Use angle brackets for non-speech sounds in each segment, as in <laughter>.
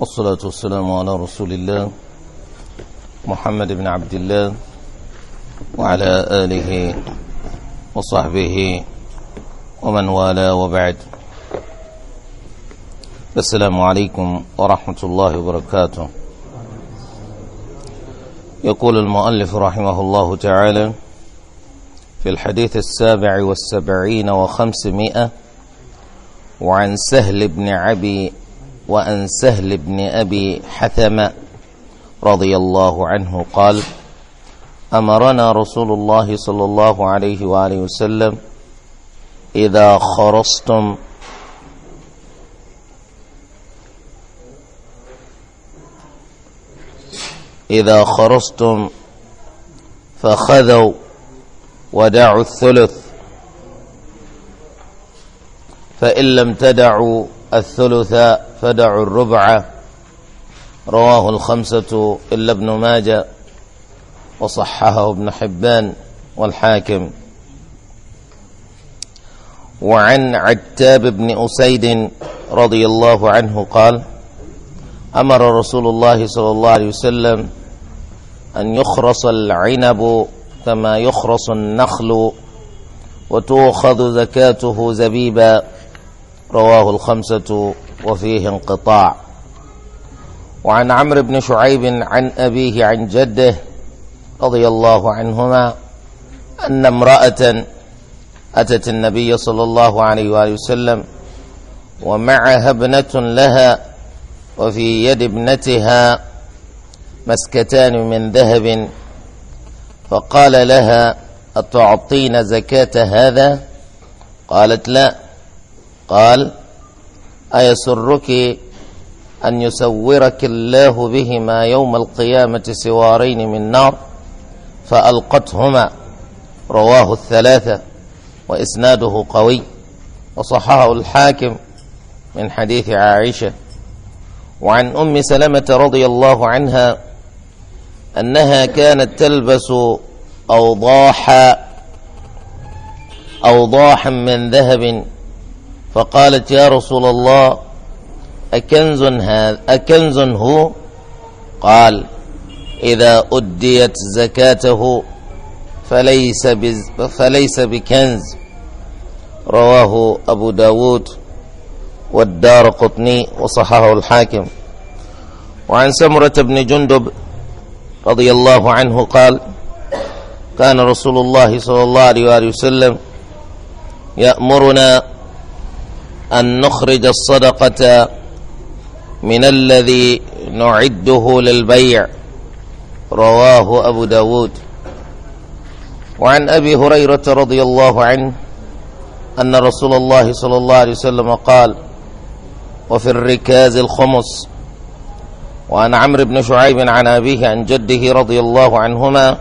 والصلاة والسلام على رسول الله محمد بن عبد الله وعلى آله وصحبه ومن والاه وبعد السلام عليكم ورحمة الله وبركاته يقول المؤلف رحمه الله تعالى في الحديث السابع والسبعين وخمسمائة وعن سهل بن عبي وأن سهل بن أبي حثم رضي الله عنه قال أمرنا رسول الله صلى الله عليه وآله وسلم إذا خرصتم إذا خرصتم فخذوا ودعوا الثلث فإن لم تدعوا الثلث فدعوا الربع رواه الخمسة إلا ابن ماجه وصححه ابن حبان والحاكم وعن عتاب بن أسيد رضي الله عنه قال أمر رسول الله صلى الله عليه وسلم أن يخرص العنب كما يخرص النخل وتؤخذ زكاته زبيبا رواه الخمسة وفيه انقطاع وعن عمرو بن شعيب عن أبيه عن جده رضي الله عنهما أن امرأة أتت النبي صلى الله عليه وآله وسلم ومعها ابنة لها وفي يد ابنتها مسكتان من ذهب فقال لها أتعطين زكاة هذا قالت لا قال أيسرك أن يسورك الله بهما يوم القيامة سوارين من نار فألقتهما رواه الثلاثة وإسناده قوي وصححه الحاكم من حديث عائشة وعن أم سلمة رضي الله عنها أنها كانت تلبس أوضاحا أوضاحا من ذهب فقالت يا رسول الله أكنز هذا أكنز هو قال إذا أديت زكاته فليس فليس بكنز رواه أبو داود والدار قطني وصححه الحاكم وعن سمرة بن جندب رضي الله عنه قال كان رسول الله صلى الله عليه وسلم يأمرنا أن نخرج الصدقة من الذي نعده للبيع رواه أبو داود وعن أبي هريرة رضي الله عنه أن رسول الله صلى الله عليه وسلم قال وفي الركاز الخمس وعن عمرو بن شعيب عن أبيه عن جده رضي الله عنهما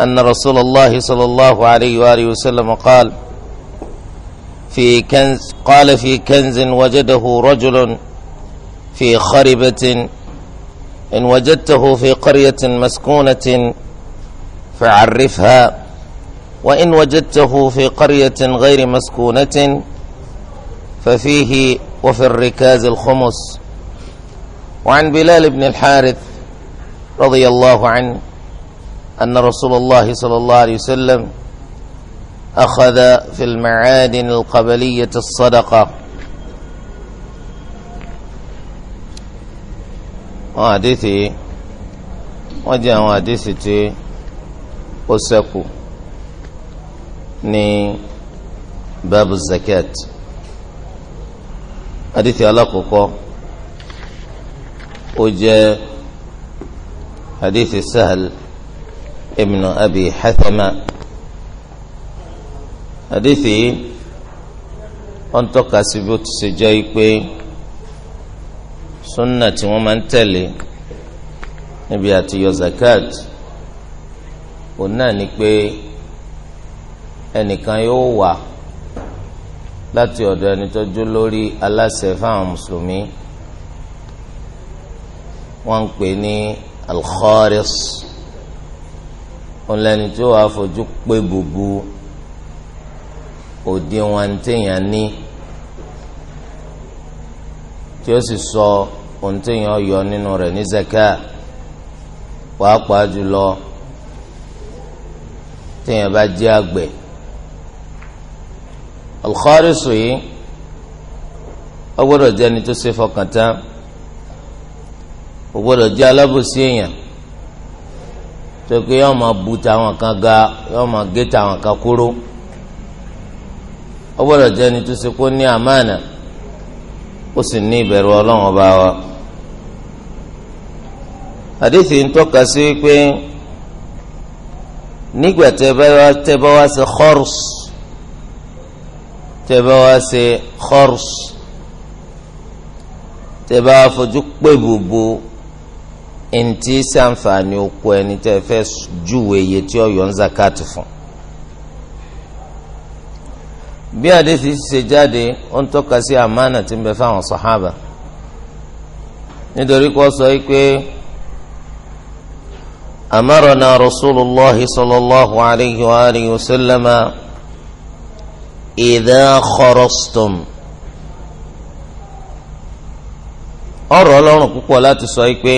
أن رسول الله صلى الله عليه وآله وسلم قال في كنز قال في كنز وجده رجل في خربة إن وجدته في قرية مسكونة فعرفها وإن وجدته في قرية غير مسكونة ففيه وفي الركاز الخمس وعن بلال بن الحارث رضي الله عنه أن رسول الله صلى الله عليه وسلم أخذ في المعادن القبلية الصدقة وادثي وجوادثتي أسكو ني باب الزكاة حديث ألقك وجاء حديث سهل ابن أبي حثمة àdìsí wọn tọ́ka sí bó ti ṣe jẹ́ pé sunna tí wọ́n máa ń tẹ̀lé níbi àti yọ zakat òun náà ni pé ẹnìkan yóò wà láti ọ̀dọ̀ ẹni tó lórí aláṣẹ fáwọn mùsùlùmí wọ́n ń pè ní alkharis òun lẹni tó wàá fojú pé bùbù òdiwọ̀n téèyàn ní tí ó sì sọ ohun téèyàn yọ nínú rẹ̀ ní zaka pàápàá jùlọ téèyàn bá jẹ́ àgbẹ̀ alkharisu yìí ó gbọ́dọ̀ jẹ́ ẹni tó ṣe fọkàn tán ó gbọ́dọ̀ jẹ́ alábòsí èèyàn tó pé yọọ máa bu tàwọn kan ga yọọ máa gé tàwọn kan kúrò ó gbọ́dọ̀ jẹ́ ẹni tó ṣe kó ní àmàna ó sì ní ìbẹ̀rù ọlọ́run ọba wa. àdéhìí ń tọ́ka sí pé nígbà tẹ́ bá wá ṣe khors tẹ́ bá wá ṣe khors tẹ́ bá wá fojú pé gbogbo ẹni tí sàǹfààní oko ẹni tẹ́ fẹ́ júwèé iye tí ó ń zakat fún bí àdéhìí ṣe jáde ó ń tọ́ka sí àmánà tí ń bẹ fáwọn sọ̀hábà nítorí kó sọ pé amarana rasulillah sallallahu alayhi wa alihi wa sallama idha kharastum ọ̀rọ̀ ọlọ́run púpọ̀ láti sọ pé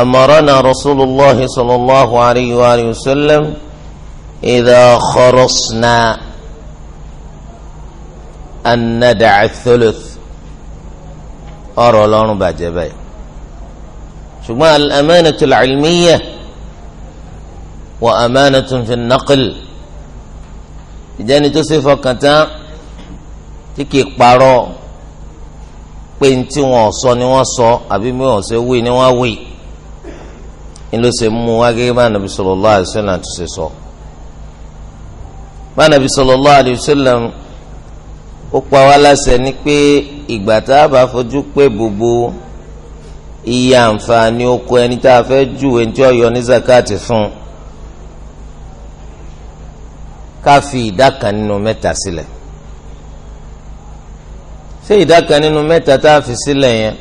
amarana rasulillah sallallahu alayhi wa alihi wa sallam idha kharasna anadaca thuluth ọ̀rọ̀ Ọlọ́run bàjẹ́ báyìí ṣùgbọ́n al-amanatu al-ilmiya wa amanatu fi naql ìjẹni tó ṣe fọkàn tán tí kì í parọ́ pé ní tí wọ́n sọ ni wọ́n sọ àbí mi ò ṣe wí ni wọ́n wí ni ló ṣe mú wá gẹ́gẹ́ bá nàbí sallallahu alaihi wasallam tó ṣe sọ bá nàbí sallallahu alaihi wasallam ó pa wá láṣẹ ni pé ìgbà tá a bá fojú pé gbogbo iye àǹfààní oko ẹni tá a fẹ́ júwe tí ó yọ ní zakati fún ká fi ìdá kan nínú mẹ́ta sílẹ̀ ṣé ìdá kan nínú mẹ́ta tá a fi sílẹ̀ yẹn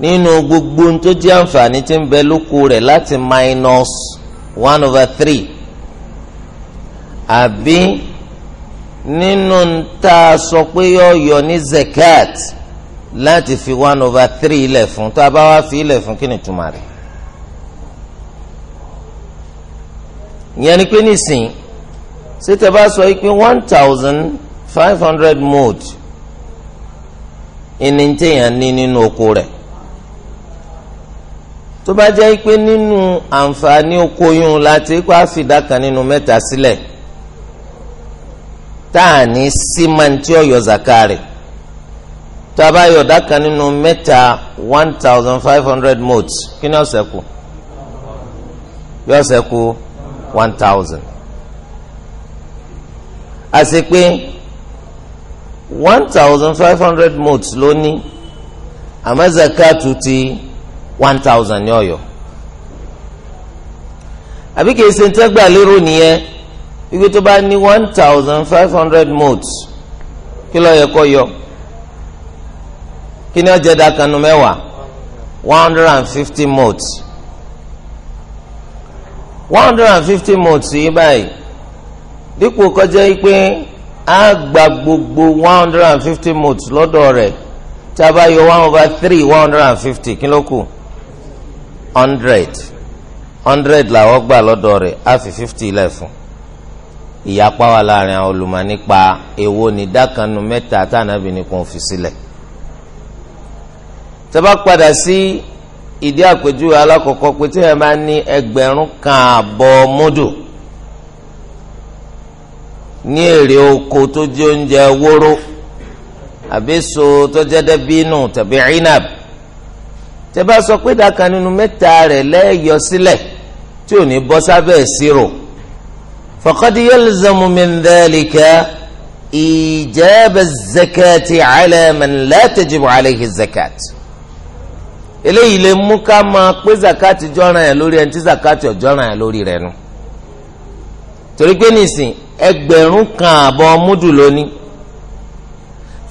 nínú gbogbo tó jẹ́ àǹfààní tí ń bẹ lóko rẹ̀ láti minus one over three àbí nínú tá a sọ pé yọ yọ ní zakat láti fi one over three ilẹ̀ fún tá a bá wá fi ilẹ̀ fún kí ni túmọ̀ rẹ̀ ìyẹn ni pé nísìn ṣètò bá sọ pé one thousand five hundred mold ìní téèyàn ní nínú oko rẹ̀ tó bá jẹ́ pé nínú àǹfààní oko yún láti kó àfìdá kan nínú mẹ́ta sílẹ̀. Si tá a ní símẹ́ǹtì ọ̀yọ́ zakari tá a bá yọ ọ̀dà nínú mẹ́ta one thousand five hundred mots kí ni ọ̀sẹ̀ kù yọ̀ọ̀sẹ̀ kù one thousand àti pé one thousand five hundred mots ló ní àmọ́ zakatu ti one thousand ní ọ̀yọ́ àbí kìí ṣe ń tẹ́gbà lérò nìyẹn wípé tó bá ní one thousand five hundred mots kí ló yẹ kó yọ kí ni ọjà dakanu mẹ́wàá one hundred and fifty mots one hundred and fifty mots yìí báyìí dípò kọjá yìí pé a gba gbogbo one hundred and fifty mots lọ́dọ̀ rẹ̀ tí a bá yọ one over three one hundred and fifty kí ló kù hundred hundred làwọn gbà lọ́dọ̀ rẹ̀ a fi fifty lẹ̀ ìyapa wà láàrin àwọn olùmọ̀ nípa èwo ní dákanu mẹ́ta tànàbí ni kò fi sílẹ̀ tẹ́bá padà sí ìdí àpèjúwe alákọ̀ọ́kọ́ pé tí ẹ máa ní ẹgbẹ̀rún kan àbọ̀ mọ́dù ní èrè oko tó jẹ́ oúnjẹ wóró àbí so tó jẹ́ dẹ́bínú tàbí inab tẹ́bá sọ pé dákanu mẹ́ta rẹ̀ lẹ́yọ sílẹ̀ tí ò ní bọ́ sábẹ́ ìṣirò. E فقد يلزم من ذلك إيجاب الزكاة على من لا تجب عليه الزكاة eléyìí lè mú ká máa pé zakati jọra yẹn lórí ẹni tí zakati ọjọra yẹn lórí rẹ̀ nu torí pé nìsín ẹgbẹ̀rún kan àbọ̀ múdù lónìí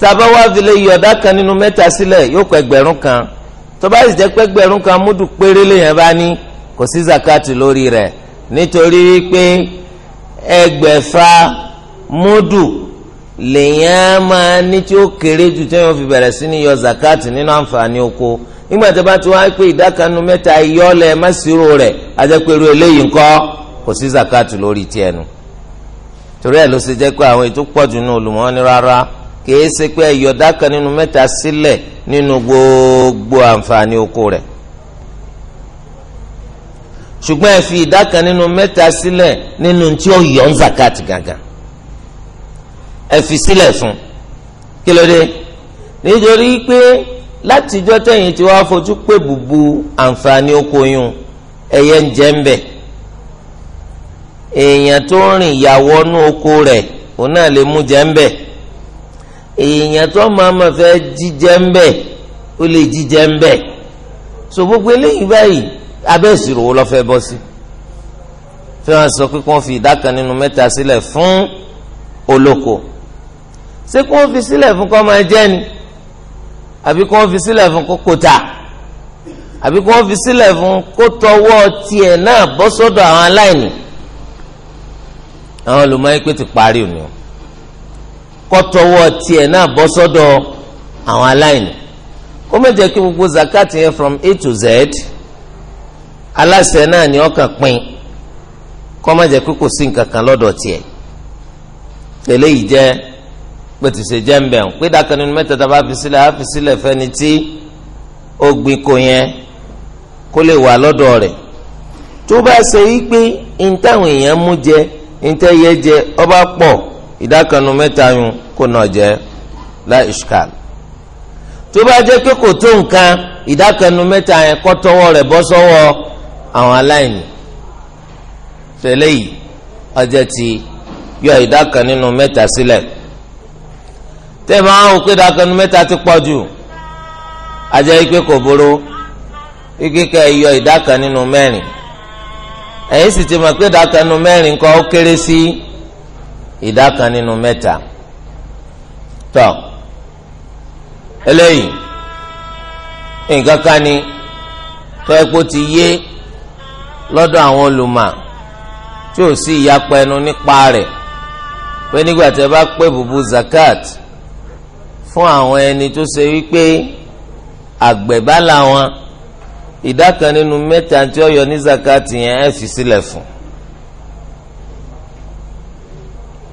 tàbá wá fi lè yọ̀dá kan nínú mẹ́ta sílẹ̀ yóò kọ ẹgbẹ̀rún kan tó bá sì jẹ́ pé ẹgbẹ̀rún kan múdù péré lèèyàn bá ní kò sí zakati lórí rẹ̀ nítorí pé ẹgbẹ̀fà múdù lèyàn máa ní tí ó kéré jù tí wọ́n fi bẹ̀rẹ̀ sí ní yọ zakat nínú àǹfààní oko nígbà tí a bá ti wá pé ìdákanu mẹ́ta yọ́lẹ̀ mẹ́sìrò rẹ̀ ajẹ́pẹ̀rú eléyìí ńkọ́ kò sí zakat lórí tiẹ̀ nu torí ẹ̀ ló ṣe jẹ́ pé àwọn ètò pọ̀jù gbogbo àǹfààní oko ṣùgbọ́n ẹ fi ìdá kan nínú mẹ́ta sílẹ̀ nínú tí ó yọ ń zakat gangan ẹ fi sílẹ̀ fún kí ló dé nítorí pé látijọ́ tẹ̀yìn tí wàá fojú pé bùbù àǹfààní oko yún ẹyẹ ń jẹ́ ń bẹ̀ èèyàn tó ń rìn ìyàwó ọnú oko rẹ̀ òun náà lè mú jẹ́ ń bẹ̀ èèyàn tó máa ma fẹ́ jíjẹ́ ń bẹ̀ ó lè jíjẹ́ ń bẹ̀ so gbogbo eléyìí báyìí abẹ́ ìṣirò wo lọ́fẹ́ bọ́ sí tí wọ́n sọ pé kí wọ́n fi ìdá kan nínú mẹ́ta sílẹ̀ fún olóko ṣé kí wọ́n fi sílẹ̀ fún kọ́ máa jẹ́ ni àbí kí wọ́n fi sílẹ̀ fún kókó ta àbí kí wọ́n fi sílẹ̀ fún kó tọwọ́ tiẹ̀ náà bọ́ sọ́dọ̀ àwọn aláìní àwọn olùmọ̀ọ́yé pé ti parí òní kó tọwọ́ tiẹ̀ náà bọ́ sọ́dọ̀ àwọn aláìní kó má jẹ́ kí gbogbo zakati yẹn from A to Z aláṣẹ náà ni ọkàn pín kó má jẹ́ pé kò sí nǹkan kan lọ́dọ̀ tiẹ̀ tẹ́lẹ̀ yìí jẹ́ pètùsè jẹ́ǹbẹ̀ ń pé dákanu mẹ́ta tá a bá fi sílẹ̀ á fi sílẹ̀ fẹ́ni tí ó gbin kò yẹn kó lè wà lọ́dọ̀ rẹ̀ tó bá ṣe yí pé ìtàwọn èèyàn mú jẹ ìtẹ̀yẹ jẹ ọba pọ̀ ìdákanu mẹ́ta yun kò nà jẹ láì ṣùkàlù tó bá jẹ́ pé kò tó nǹkan ìdákanu mẹ́ta yẹn kọ́ tọwọ́ rẹ̀ bọ́ sọ́wọ́ àwọn aláìní fẹlẹ yìí ọjọ́ ti yọ ìdá kan nínú mẹ́ta sílẹ̀ tẹ́ẹ̀mọ́ àwọn òkè ìdá kan nínú mẹ́ta ti pọ̀ jù ajẹ́ ikpe kò burú ikpe ká yọ ìdá kan nínú mẹ́rin ẹ̀yin sì ti mọ̀ pé ìdá kan nínú mẹ́rin kọ́ ó kéré sí ìdá kan nínú mẹ́ta tọ́ eléyìí nǹkan kan ni tọ́ ẹ kó ti yé lọ́dọ̀ àwọn olùmọ̀ tí ò sí ìyapẹnu nípa rẹ̀ pé nígbà tí ẹ bá pé bùbù zakat fún àwọn ẹni tó ṣe wípé àgbẹ̀bá làwọn ìdá kan nínú mẹ́ta tí ó ní zakat yẹn ẹ fi sílẹ̀ fún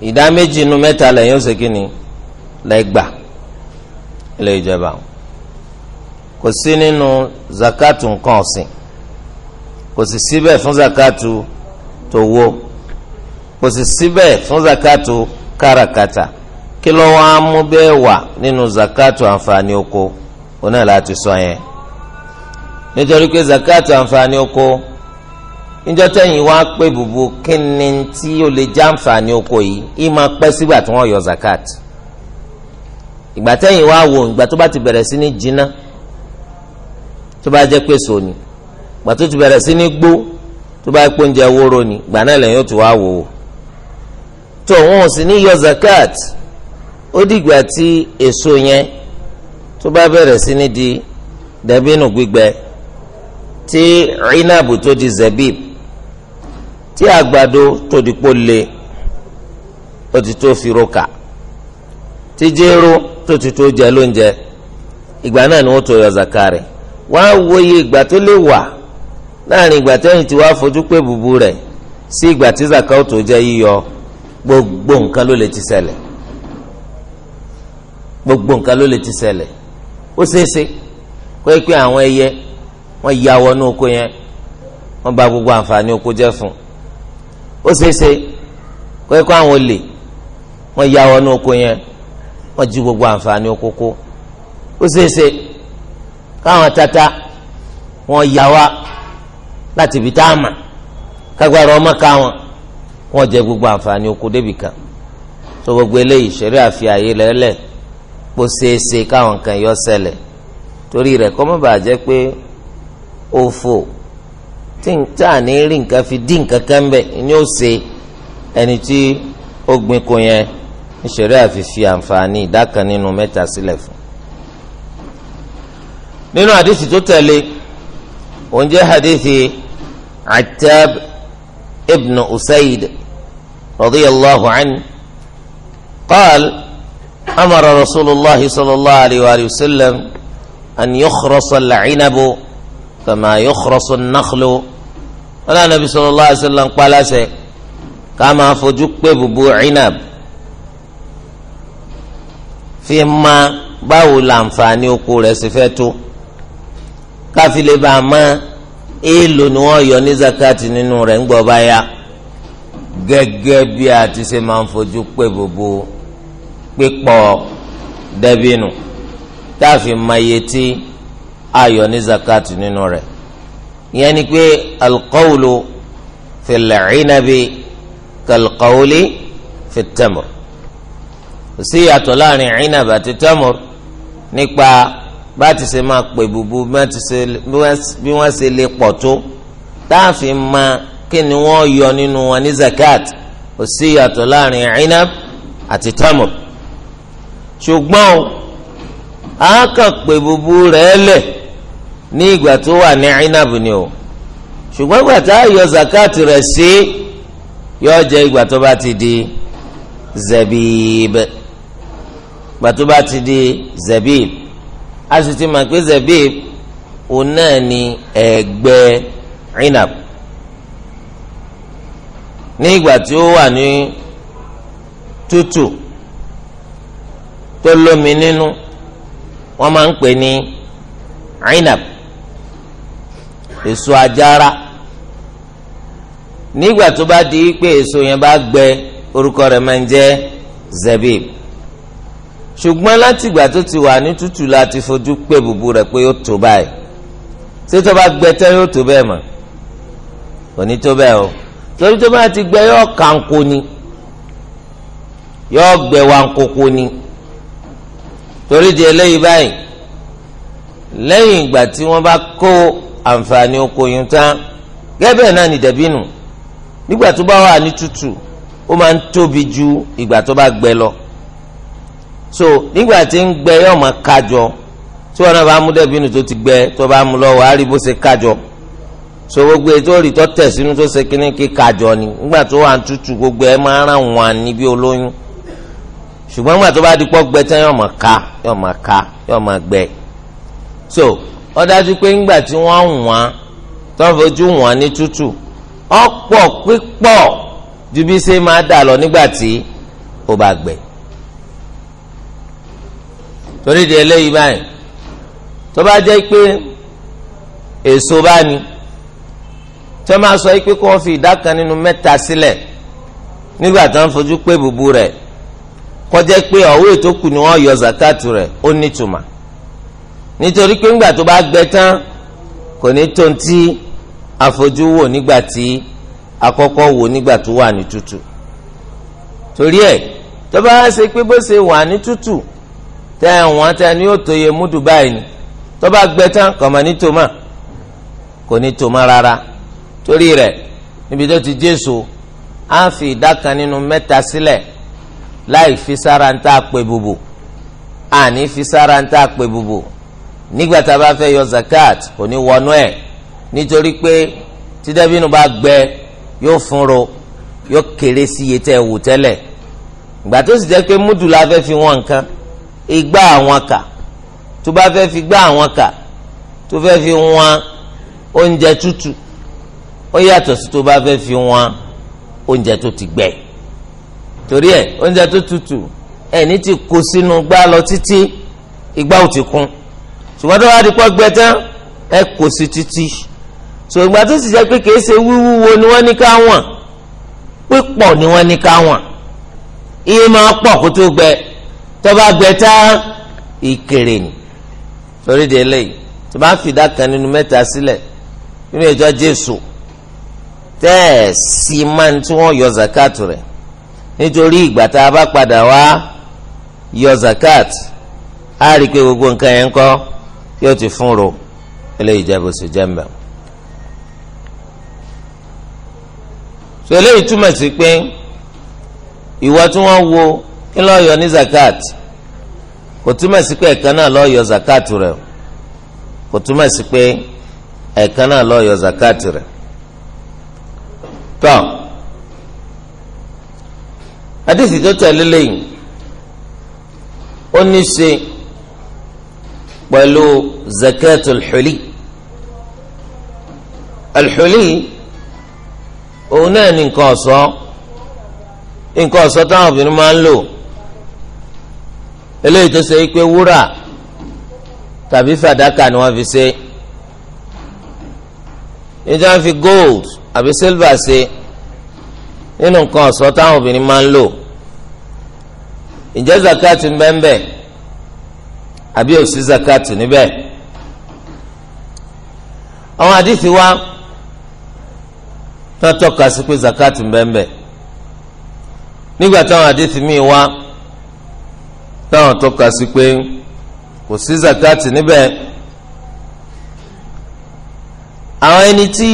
ìdá méjì nínú mẹ́ta lẹ́yìn ọ̀sẹ̀ kìíní lẹ́gbà ilé ìjọba kò sí nínú zakat nǹkan ọ̀sìn kò sì síbẹ̀ fún zakatu tówó kò sì síbẹ̀ fún zakatu káràkátà kí ló wá mú bẹ́ẹ̀ wà nínú zakatu àǹfààní oko oná láti sọ yẹn nítorí pé zakatu àǹfààní oko níjọ́ tẹ̀yìn wá pé bùbù kí ni tí ó lè já àǹfààní oko yìí í máa pẹ́ sígbà tí wọ́n yọ zakat ìgbà tẹ̀yìn wá wò ìgbà tó bá ti bẹ̀rẹ̀ sí ní jiná tó bá jẹ́ pé sòní. So gbà tó ti bẹ̀rẹ̀ sí ní gbó tó bá pé oúnjẹ wóró ni gbà náà lẹ́yìn ó wá wò ó tó wọn ò sì ní yọ zakat ó dìgbà tí èso yẹn tó bá bẹ̀rẹ̀ sí ní di dàbínù gbígbẹ tí rinabu tó di zabib tí àgbàdo tó di pò le ó ti tó fi roka tí jéró tó ti tó jẹ lóúnjẹ ìgbà náà ni wọ́n tó yọ zakari wọ́n á wòye ìgbà tó lè wà láàrin ìgbà tẹ́yìn tí wàá fojú pé bùbù rẹ̀ sí ìgbà tí zaka tó jẹ́ yíyọ gbogbo nǹkan ló lè ti ṣẹlẹ̀ gbogbo nǹkan ló lè ti ṣẹlẹ̀ ó ṣeéṣe kó pé àwọn ẹyẹ wọ́n ya wọnú oko yẹn wọ́n bà gbogbo àǹfààní oko jẹ́ fún ó ṣeéṣe kó pé àwọn olè wọ́n ya wọnú oko yẹn wọ́n jí gbogbo àǹfààní oko kó ó ṣeéṣe káwọn tata wọ́n ya wá. láti ibi tá a mà kágbára ọmọ ká wọn wọn jẹ gbogbo àǹfààní oko débì kan tó gbogbo eléyìí ìṣeré àfi àyè lẹ́lẹ̀ kó ṣeéṣe káwọn kan yọ ṣẹlẹ̀ torí rẹ̀ kọ́ mọ́ bàjẹ́ pé òfò tí n tà ní rí nǹkan fi dín nǹkan kan bẹ̀ ni ó ṣe ẹni tí ó gbin kò yẹn عتاب ابن أسيد رضي الله عنه قال أمر رسول الله صلى الله عليه وسلم أن يخرص العنب كما يخرص النخل ولا النبي صلى الله عليه وسلم قال كما فجك ببو عنب فيما báwo làǹfààní oko rẹ̀ sì fẹ́ èèlò ni wọ́n yọ ní zakati nínú rẹ̀ ńgbọ́ báyà gẹ́gẹ́ bí a ti ṣe máa ń fojú pé gbogbo pípọ̀ dẹ́bìnù tá a fi ní zakati nínú rẹ̀ ìyẹn ni pé alqawlu fil inabi kalqawli sí ìyàtọ̀ láàrin inab àti tamr nípa bá ti ṣe máa pè bùbù bí wọ́n ṣe lè pọ̀ tó táàfin ma kí ni wọ́n yọ nínú wọn ní zakat kò sí ìyàtọ̀ láàrin inab àti tamur ṣùgbọ́n a kàn pè bùbù rẹ̀ lẹ̀ ní ìgbà tó wà ní inab ni o ṣùgbọ́n ìgbà tá a yọ zakat rẹ̀ sí yọ jẹ́ ìgbà tó bá ti di zabib ìgbà tó bá ti di zabib a sì ti mọ̀ pé ni ẹ̀gbẹ́ inab ní ìgbà tí ó wà ní tútù tó lómi nínú wọ́n máa ń pè ní inab èso àjàrà nígbà tó bá di pé èso yẹn bá gbẹ orúkọ rẹ̀ máa ń jẹ́ zabib ṣùgbọ́n láti ìgbà tó ti wà ní tútù láti fojú pé bùbù rẹ̀ pé ó tó báyìí ṣé tó bá gbẹ tẹ́ yóò tó bẹ́ẹ̀ mọ̀ kò ní tó bẹ́ẹ̀ o torí tó bá ti gbẹ yóò kanko ni yóò gbẹ wankoko ni torí di eléyìí báyìí lẹ́yìn ìgbà tí wọ́n bá kó àǹfààní oko yun tán gẹ́bẹ̀ náà ni dẹ̀bínú nígbà tó bá wà ní tútù ó máa ń tóbi ju ìgbà tó bá gbẹ lọ so nígbà tí ń gbẹ yóò máa kájọ tí wọn náà bá mú dẹbìnú tó ti gbẹ tó bá mú lọ́wọ́ á rí bó ṣe kájọ so gbogbo ètò òrìtọ́ tẹ̀ sínú tó ṣe kíní kí kájọ ni nígbà tó wà ń tútù gbogbo ẹ máa ràn wọn ní bí olóyún ṣùgbọ́n nígbà tó bá di pọ́ gbẹ tán yóò máa ká yóò máa ká yóò máa gbẹ so ó dájú pé nígbà tí wọ́n wọ́n tó fojú wọ́n ní tútù ọ̀pọ̀ pípọ̀ ju bí ṣe máa dà lọ nígbà tí ó bá gbẹ torí di eléyìí báyìí tó bá jẹ́ pé èso bá ní tó máa sọ pé kó fi ìdá kan nínú mẹ́ta sílẹ̀ nígbà tó ń fojú pé bùbù rẹ̀ kọjá pé ọ̀wé tó kù ni wọ́n yọ zakatu rẹ̀ ó nítumà nítorí pé ńgbà tó bá gbẹ tán kò ní tó ń tí àfojú wò nígbà tí àkọ́kọ́ wò nígbà tó wà ní tútù torí ẹ̀ tó bá wá ṣe pé bó ṣe wà ní tútù tẹ ẹ̀wọ̀n tẹ ni yóò tóye múdù báyìí ni tó bá gbẹ tán kò mà ní tòmá kò ní tòmá rárá torí rẹ̀ níbi tó ti jésù á fi ìdá kan nínú mẹ́ta sílẹ̀ láì fi sára ń tà pé bùbù àní fi sára ń tà pé bùbù nígbà tá a bá fẹ́ yọ zakat kò ní wọnú ẹ̀ nítorí pé tí bá gbẹ yóò fúnro yóò kéré sí iye tẹ́ ẹ wò tẹ́lẹ̀ ìgbà sì jẹ́ pé múdù la fẹ́ fi wọ́n nǹkan Igba àwọn kà tó bá fẹ́ fi gbá àwọn kà tó fẹ́ fi wọn oúnjẹ tútù ó yàtọ̀ sí tó bá fẹ́ fi wọn oúnjẹ tó ti gbẹ torí ẹ oúnjẹ tó tútù ẹni tí kó sínú gbá lọ títí igbá ò ti kún ṣùgbọ́n tó bá di pọ́ gbẹ tán ẹ kó sí títí ṣùgbọ́n tó sì jẹ́ pé kìí ṣe wíwúwo ni wọ́n ní ká wọ̀n pípọ̀ ni wọ́n ní ká wọ̀n iye máa pọ̀ kó tó gbẹ tọba gbẹta ìkèrè ni torí de eléyìí tó bá ń fìdá kan nínú mẹ́ta sílẹ̀ nínú ìjọ jésù tẹ ẹ sì máa ń tí wọn yọ zakat rẹ nítorí ìgbà tá a bá padà wá yọ zakat á rí i pé gbogbo nǹkan yẹn ń kọ́ yóò ti fún ro eléyìí jẹ bó ṣe jẹ mbẹ. sọ eléyìí túmọ̀ sí pé ìwọ tí wọ́n wo ńlọ yọ ní zakat kò túmọ̀ sí pé ẹ̀kan náà lọ yọ zakat rẹ̀ kò túmọ̀ sí pé ẹ̀kan náà lọ yọ zakat rẹ̀ tọ́ àdìsí tó tẹ̀lé lẹ́yìn ó ní ṣe pẹ̀lú zakat alḥuli alḥuli òun náà ní nǹkan ọ̀ṣọ́ nǹkan ọ̀ṣọ́ táwọn obìnrin máa ń lò eléyìí tó ṣe pé wúrà tàbí fàdákà ni wọ́n fi ṣe níjọ́ wọ́n fi gold àbí silver ṣe nínú nǹkan ọ̀ṣọ́ táwọn obìnrin máa ń lò ǹjẹ́ zakat ń bẹ ń bẹ àbí ò sí zakat níbẹ̀ àwọn àdìsí wa tó tọ́ka sí pé zakat ń bẹ ń bẹ nígbà táwọn àdìsí míì wá táwọn tọ́ka sí pé kò sí zakati níbẹ̀ àwọn ẹni tí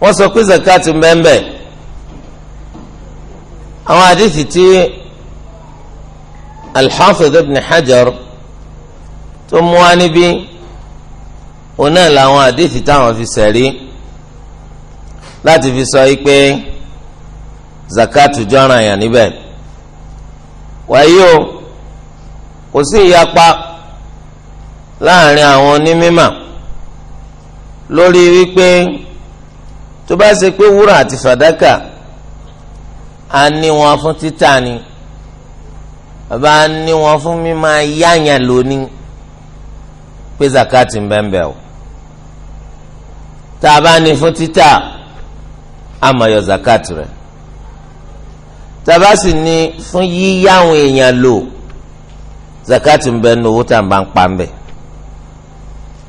wọ́n sọ pé zakati mbẹ́mbẹ́ àwọn àdìsí tí al-Hafiz ibn Hajar tó mú wá níbí òun làwọn àdìsí táwọn fi sẹ̀rí láti fi sọ yìí pé zakati jọ̀ràn yàn níbẹ̀ wàyí o kò sí ìyapa láàrin àwọn onímímà lórí wípé tó bá ṣe pé wúrà àti fàdákà a ní wọn fún títà ni bàbá a ní wọn fún mímọ yáyàn lónìí pé zakati ń bẹ́ẹ̀ bẹ́ẹ̀ o tá a bá ní fún títà a máa yọ zakati rẹ̀ tabasi ni fún yíyá àwọn èèyàn lò zakati ń bẹ nu owó tá à ń bá ń pa ń bẹ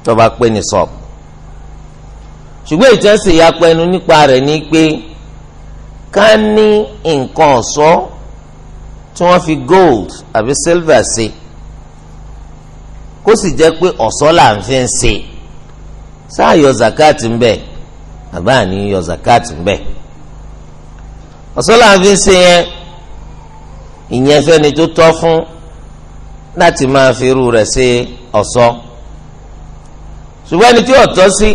tọba pé ní sọ ṣùgbọ́n ìtẹ́sí ìyapẹnu nípa rẹ̀ ni pé ká ní nǹkan ọ̀ṣọ́ tí wọ́n fi gold àbí silver ṣe kó sì jẹ́ pé ọ̀ṣọ́ là ń fi ń ṣe sáà yọ zakati ń bẹ àbá àní yọ zakati ń bẹ ọ̀sọ́là fi ń ṣe yẹn ìyẹn fẹ́ni tó tọ́ fún láti máa fi irú rẹ̀ ṣe ọ̀ṣọ́ ṣùgbọ́n ẹni tí ọ̀tọ́ sí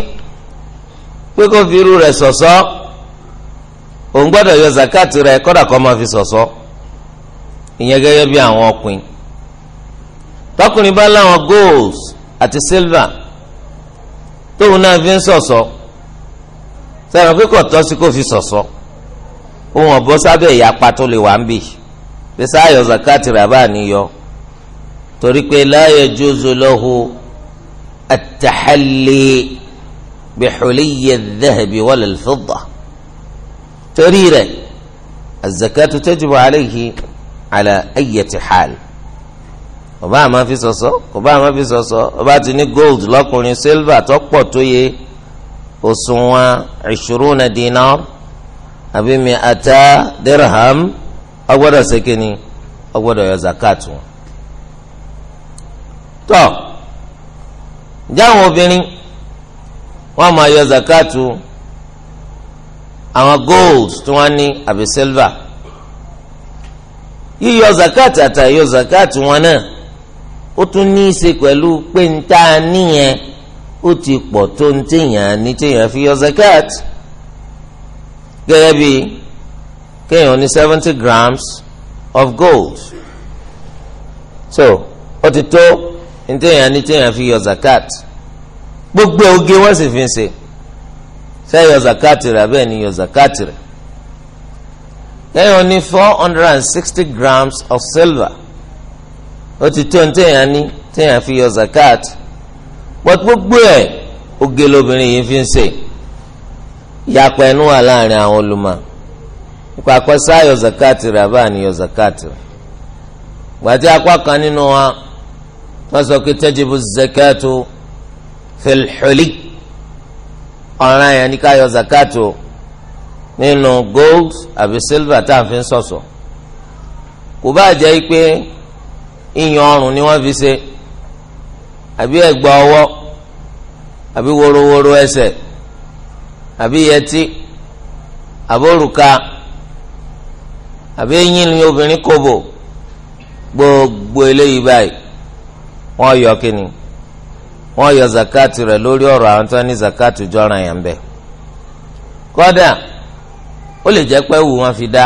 pé kó fi irú rẹ̀ ṣọ̀ṣọ́ òun gbọ́dọ̀ yọ zakat rẹ̀ kọ́dà kó máa fi ṣọ̀ṣọ́ ìyẹn gẹ́gẹ́ bí àwọn ọkùnrin tọkùnrin bá láwọn gold àti silver tóun náà fi ń ṣọ̀ṣọ́ sẹ́wọ̀n pé kò tọ́ sí kó fi ṣọ̀ṣọ́. So -so ohun ọ̀bọ sábẹ́ ìyapa tó lè wà ń bì pé sáyọ zakati rabaa níyọ torí pé la yajuzu lahu at-tahalli bi huliyyi adh-dhahabi wal fidda torí rẹ̀ az-zakatu tajibu alayhi ala ayyati hal ọba àmà fi sọ̀sọ́ ọba àmà fi sọ̀sọ́ ọba ti ní gold lọ́kùnrin silver tó pọ̀ tó yẹ òṣùwọ̀n 20 dinar àbí mi ata dirham ọgbọ́dọ̀ sekeni ọgbọ́dọ̀ yọ zakat wọn. tọ́ jáwọn obìnrin wọ́n máa yọ zakat àwọn gold tí wọ́n ní àbí silver yíyọ zakat àtà yọ zakat wọn náà ó tún ní í ṣe pẹ̀lú pé ń tá níyẹn ó ti pọ̀ tó ń téèyàn ní téèyàn fi yọ zakat gẹ́gẹ́ bíi kéèyàn ní seventy grams of gold so ó ti tó ntẹ̀yàn ní tẹ̀yàn fi yọ zakat gbogbo oge wọ́n sì fi ń ṣe ṣe yọ zakat rẹ̀ abẹ́ ni yọ zakat rẹ̀ kéèyàn ní four hundred and sixty grams of silver ó ti tó ntẹ̀yàn ní tẹ̀yàn fi yọ zakat but gbogbo ẹ̀ oge lobìnrin yìí fi ń ṣe ìyapa ẹnu wà láàrin àwọn olùmọ̀ nípa akọ́sá yọ zakati rẹ̀ àbá ni yọ zakati rẹ̀ gbàtí apá kan nínú wa wọ́n sọ pé tajibu zakatu fil huli ọ̀ràn yẹn ní ká yọ zakati nínú gold àbí silver tá a fi ń ṣọ̀ṣọ́ kò bá jẹ́ pé ìyàn ọrùn ni wọ́n fi ṣe àbí ẹ̀gbà ọwọ́ àbí worowóró ẹsẹ̀ àbí yẹtí àbórùka àbí eyín ni obìnrin kòbò gbogbo eléyìí báyìí wọ́n yọ kíni wọ́n yọ zakati rẹ̀ lórí ọ̀rọ̀ àwọn tó ní zakati jọra yẹn bẹ kódà ó lè jẹ́ pé wù wọ́n fi dá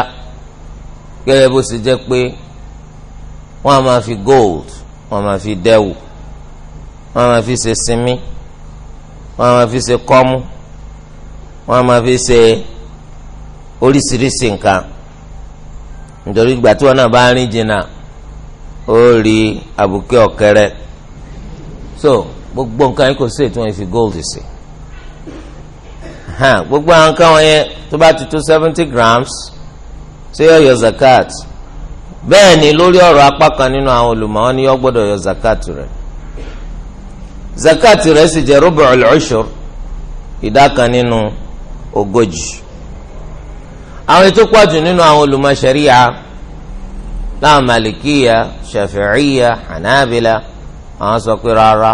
gẹ́gẹ́ bó ṣe jẹ́ pé wọ́n a máa fi gold wọ́n a máa fi dẹ́wù wọ́n a máa fi ṣe sinmi wọ́n a máa fi ṣe kọ́mú wọ́n máa fi ṣe oríṣiríṣi nǹkan nítorí ìgbà tí wọ́n náà bá rìn jìnnà ó rí àbùké so gbogbo nǹkan yìí kò sí ètò wọn gold sí gbogbo àwọn nǹkan wọn ti tó grams ṣé yọ zakat bẹ́ẹ̀ ni lórí ọ̀rọ̀ apá kan nínú àwọn ni yọ gbọ́dọ̀ yọ zakat rẹ̀ zakat rẹ̀ sì jẹ́ rubu'ul ogójì àwọn ètò pọ̀jù nínú àwọn olùmọ̀ ṣẹ̀ríya láwọn malikiya shafi'iya hanabila àwọn sọ pé rárá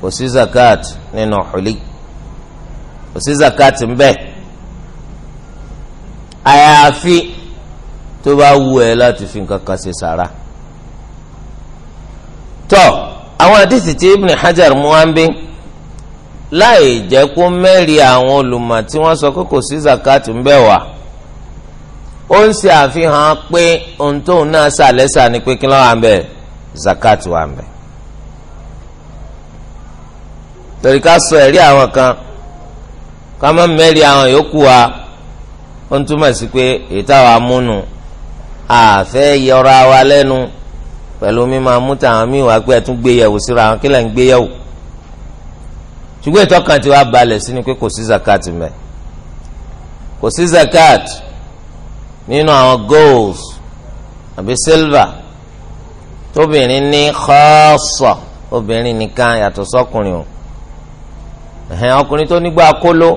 kò sí zakat nínú xuli kò sí zakat ń bẹ àyàfi tó bá wù ẹ́ láti fi nǹkan kan ṣe sàrà tọ àwọn àdìsí tí ibn hajar muhammed. láì jẹ́ kó mẹ́rin àwọn olùmọ̀ tí wọ́n sọ pé kò sí zakatu ń bẹ̀ wá ó ń ṣe àfihàn pé ohun tóun náà ṣàlẹ́sà ni pé kí ló wà ń bẹ̀ zakatu wà ń bẹ̀ torí ká sọ ẹ̀rí àwọn kan ká má mẹ́rin àwọn yòókù wa ó ń túmọ̀ sí pé ètò àwọn amúnu àfẹ́ yọra wa lẹ́nu pẹ̀lú mímọ amúta àwọn míì wá pé ẹ̀ tún gbé yẹ̀wò síra àwọn kílẹ̀ ń gbé yẹ̀wò ṣùgbọ́n ìtọ́kàn tí wàá balẹ̀ sí ni pé kò sí zakat mẹ́ kò sí zakat nínú àwọn gold àbí silver tóbìnrin ní xọ́ọ̀sọ̀ obìnrin nìkan yàtọ̀ sọ́kùnrin o ẹ̀hẹ́n ọkùnrin tó nígbà kóló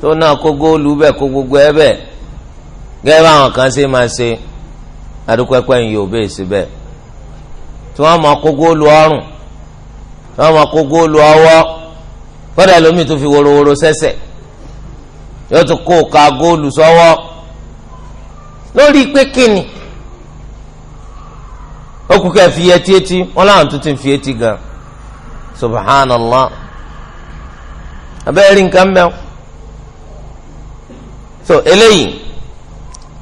tó náà kó góòlù bẹ́ẹ̀ kó gbogbo ẹ bẹ́ẹ̀ gẹ́gẹ́ báwọn kan ṣe máa ṣe adúpẹ́pẹ́ yìí ò bẹ́ẹ̀ síbẹ̀ tí wọ́n mọ kó góòlù ọrùn wọn máa kó góòlù ọwọ́ kódà lómi tó fi worowóró sẹ́sẹ̀ yóò tún kó ka góòlù sọ́wọ́ lórí pé kíni ó kú ká fi etí etí wọn láwọn tún ti fi etí gan subhanallah abẹ́rẹ́ nǹkan mẹ́wọ́ so eléyìí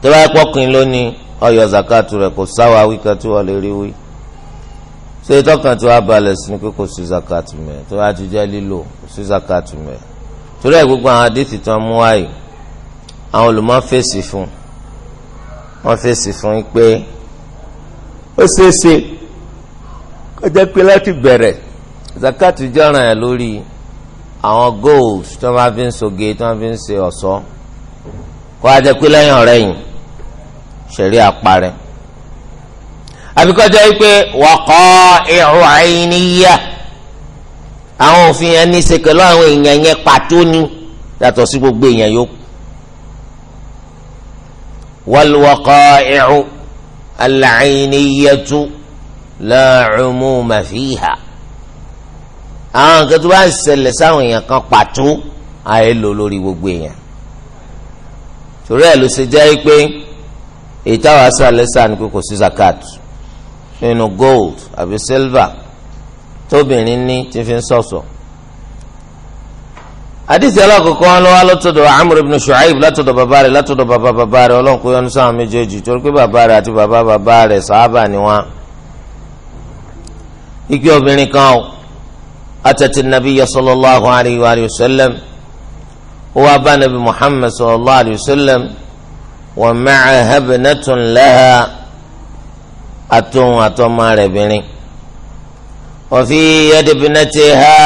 tó bá yẹ kọ́kùnrin lónìí ọyọ zakatu rẹ̀ kò sáwà wíkà tí wọ́n lè rí wí ṣé tọkàn tí wàá balẹ̀ sí ni pé kò sí zakat mẹ́ tó wàá ti jẹ́ lílò kò sí zakat mẹ́ torí ẹ̀ gbogbo àwọn àdìsí tó ń mú wáyé àwọn olùmọ̀ fèsì fún wọn fèsì fún yín pé ó ṣeéṣe kó pé láti bẹ̀rẹ̀ zakat jọ̀ràn ẹ̀ lórí àwọn gold tí wọ́n bá fi ń soge tí wọ́n fi ń ṣe ọ̀ṣọ́ kó pé lẹ́yìn ọ̀rẹ́yìn ṣẹ̀rí àparẹ́ àbíkọ́jọ́ yìí pé wọ́kọ́ ìrù àìníyà àwọn òfin yẹn ní í ṣe pẹ̀lú àwọn èèyàn yẹn pàtó ni yàtọ̀ sí gbogbo èèyàn yòókù wàlúwọ́kọ́ ìrù àlàìníyàtú làrúmú màfíhà àwọn nǹkan tó bá ń ṣẹlẹ̀ sáwọn èèyàn kan pàtó àyè lò lórí gbogbo èèyàn torí ẹ̀ ló ṣe jẹ́ pé èyí táwọn aṣọ àlẹ́ kò sí zakat nínú gold àbí silver tóbìnrin ní tí fi ń ṣọ̀ṣọ́. àdìsí alákọ̀ọ́kọ́ ló wá látọ̀dọ̀ amúr ibn shu'aib látọ̀dọ̀ bàbá rẹ̀ látọ̀dọ̀ bàbá bàbá rẹ̀ ọlọ́run kó yọ́nú sáwọn méjèèjì torí pé bàbá rẹ̀ àti bàbá bàbá rẹ̀ sàhábà ni wọ́n. ike obìnrin kan o atati nabiyya sallallahu alayhi wa sallam ó wá bá nabi muhammad sallallahu alayhi wa sallam wa àtòun atọ rẹ̀ bìnrin wa fi ha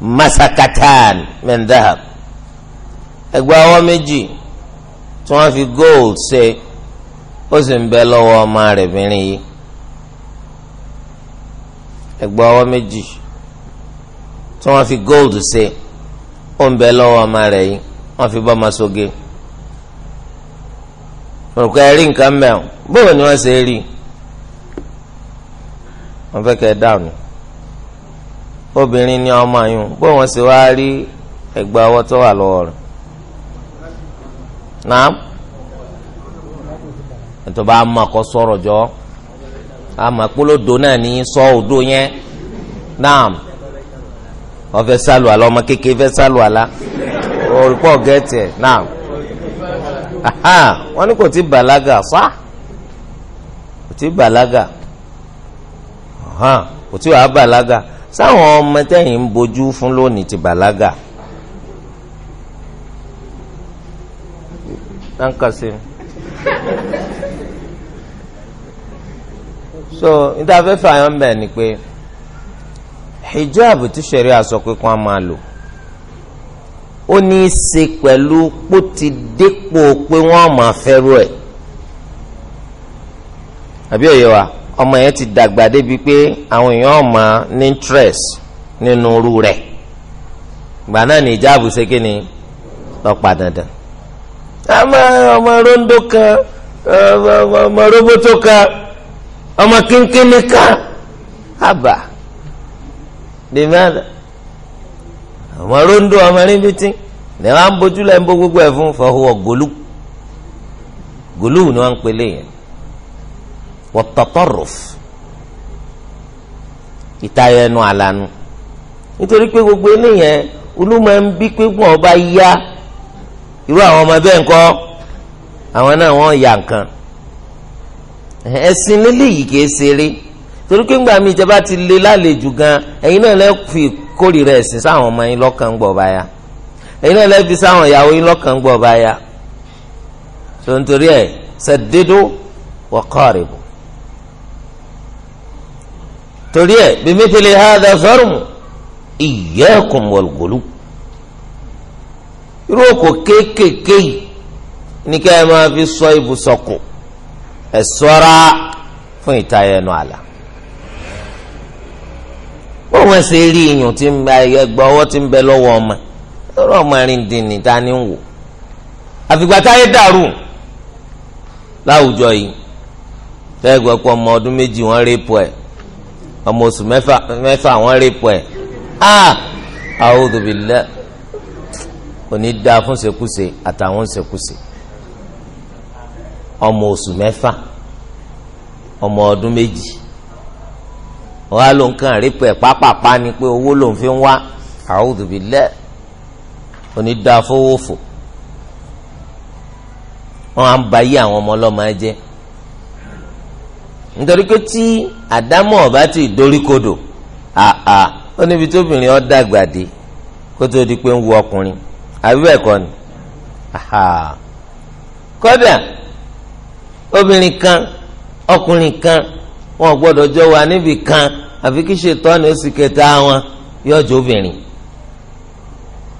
masakatan min dahab ẹgbẹ́ méjì tí fi gold ṣe ó sì ń bẹ lọ́wọ́ ọmọ yi bìnrin yìí meji ọwọ́ méjì fi gold ṣe ó ń bẹ lọ́wọ́ ọmọ rẹ̀ yìí fi bọ́ ọmọ sóge eri ẹ̀rí nǹkan mẹ́wọ̀n ni wọ́n ṣe rí wọ́n fẹ́ kẹ́ ẹ obìnrin ni ọmọ yìí bó wọ́n sì rí ẹ̀gbà ọwọ́ tó wà lọ́wọ́ rẹ̀ náà ètò bá mọ àkọ jọ náà ní sọ òdo yẹn náà wọ́n sálù ọmọ kékeré fẹ sálù àlá náà kò bàlágà sá kò haa kò tí wàá bàlágà sáwọn ọmọ tẹ́yìn ń bojú fún lónìí ti bàlágà. so ni pé hijab máa lò ó ní í ṣe pẹ̀lú ti dépò pé ọmọ yẹn ti dàgbà débi pé àwọn èèyàn ọmọ ní interest nínú irú rẹ̀ gbà náà ní ìjáàbù ṣe kí ni lọ́pàá dandan. àmọ́ ọmọ rondo kan ọmọ roboto kan ọmọ kínkínní kan àbà dèmíàdà ọmọ rondo ọmọ rìndìtì ní wọn bójú lẹ́ńbó gbogbo ẹ̀ fún fọwọ́ gòlù gòlù ni wọ́n ń pele yẹn wọ́tọ̀tọ̀rọ̀f ìtayọ ẹnu àlànà nítorí pé gbogbo eléyẹn olúmọ ń bí pé gbọ́n ọba yá irú àwọn ọmọ bẹ́ẹ̀ ńkọ́ àwọn náà wọ́n yà nǹkan ẹ̀sìn lélẹ́yìí kìí ṣeré torí pé ńgbà mi ìjọba ti lé lálejò gan ẹ̀yin náà lẹ́ fi kórìíra ẹ̀sìn sáwọn ọmọ yín lọ́kàn gbọ̀ báyà ẹ̀yin náà lẹ́ fi sáwọn ìyàwó yín lọ́kàn gbọ̀ báyà tó ń torí ẹ̀ sẹ́dédó wọ́kọ́rìbù torí ẹ bímítìlì hàdà fẹrùmù iyyakum wal gulu irú òkò kéékèèké yìí ní ká ẹ máa fi sọ ibùsọ̀kù ẹ ṣọ́ra fún ìtayà ẹnu àlà bọ́ọ̀ wọn ṣe rí iyùn tí ẹgbẹ́ ọwọ́ tí ń bẹ lọ́wọ́ ọmọ lọ́rọ̀ ọmọ rìn ta ni ń wò àfìgbà táyé dàrú láwùjọ yìí tẹ́gbẹ́ pọ̀ ọmọ ọdún méjì wọ́n rẹ́pọ̀ ẹ̀ ọmọ oṣù mẹ́fà mẹ́fà wọ́n rí pọ̀ ẹ̀ ah a'udhu billah òní dáa fún ṣekúṣe àtàwọn ṣekúṣe ọmọ oṣù mẹ́fà ọmọ ọdún méjì wọ́n á ló ń kàn rí pọ̀ ẹ̀ pápápá ni pé owó ló ń fi ń wá a'udhu billah òní dáa fowó fò wọ́n á ń ba yí àwọn ọmọ ọlọ́mọ ẹ jẹ́ nítorí pé tí àdámọ̀ ọ̀bá ti doríkodò àà ó níbi tóbìnrin ọ́ dàgbà dé kó tó di pé ń wu ọkùnrin àbí bẹ́ẹ̀ kọ́ ni kódà obìnrin kan ọkùnrin kan wọn gbọ́dọ̀ jọ wà níbi kan àfi kí ṣètọ́ni ó sì kẹta wọn yọjọ obìnrin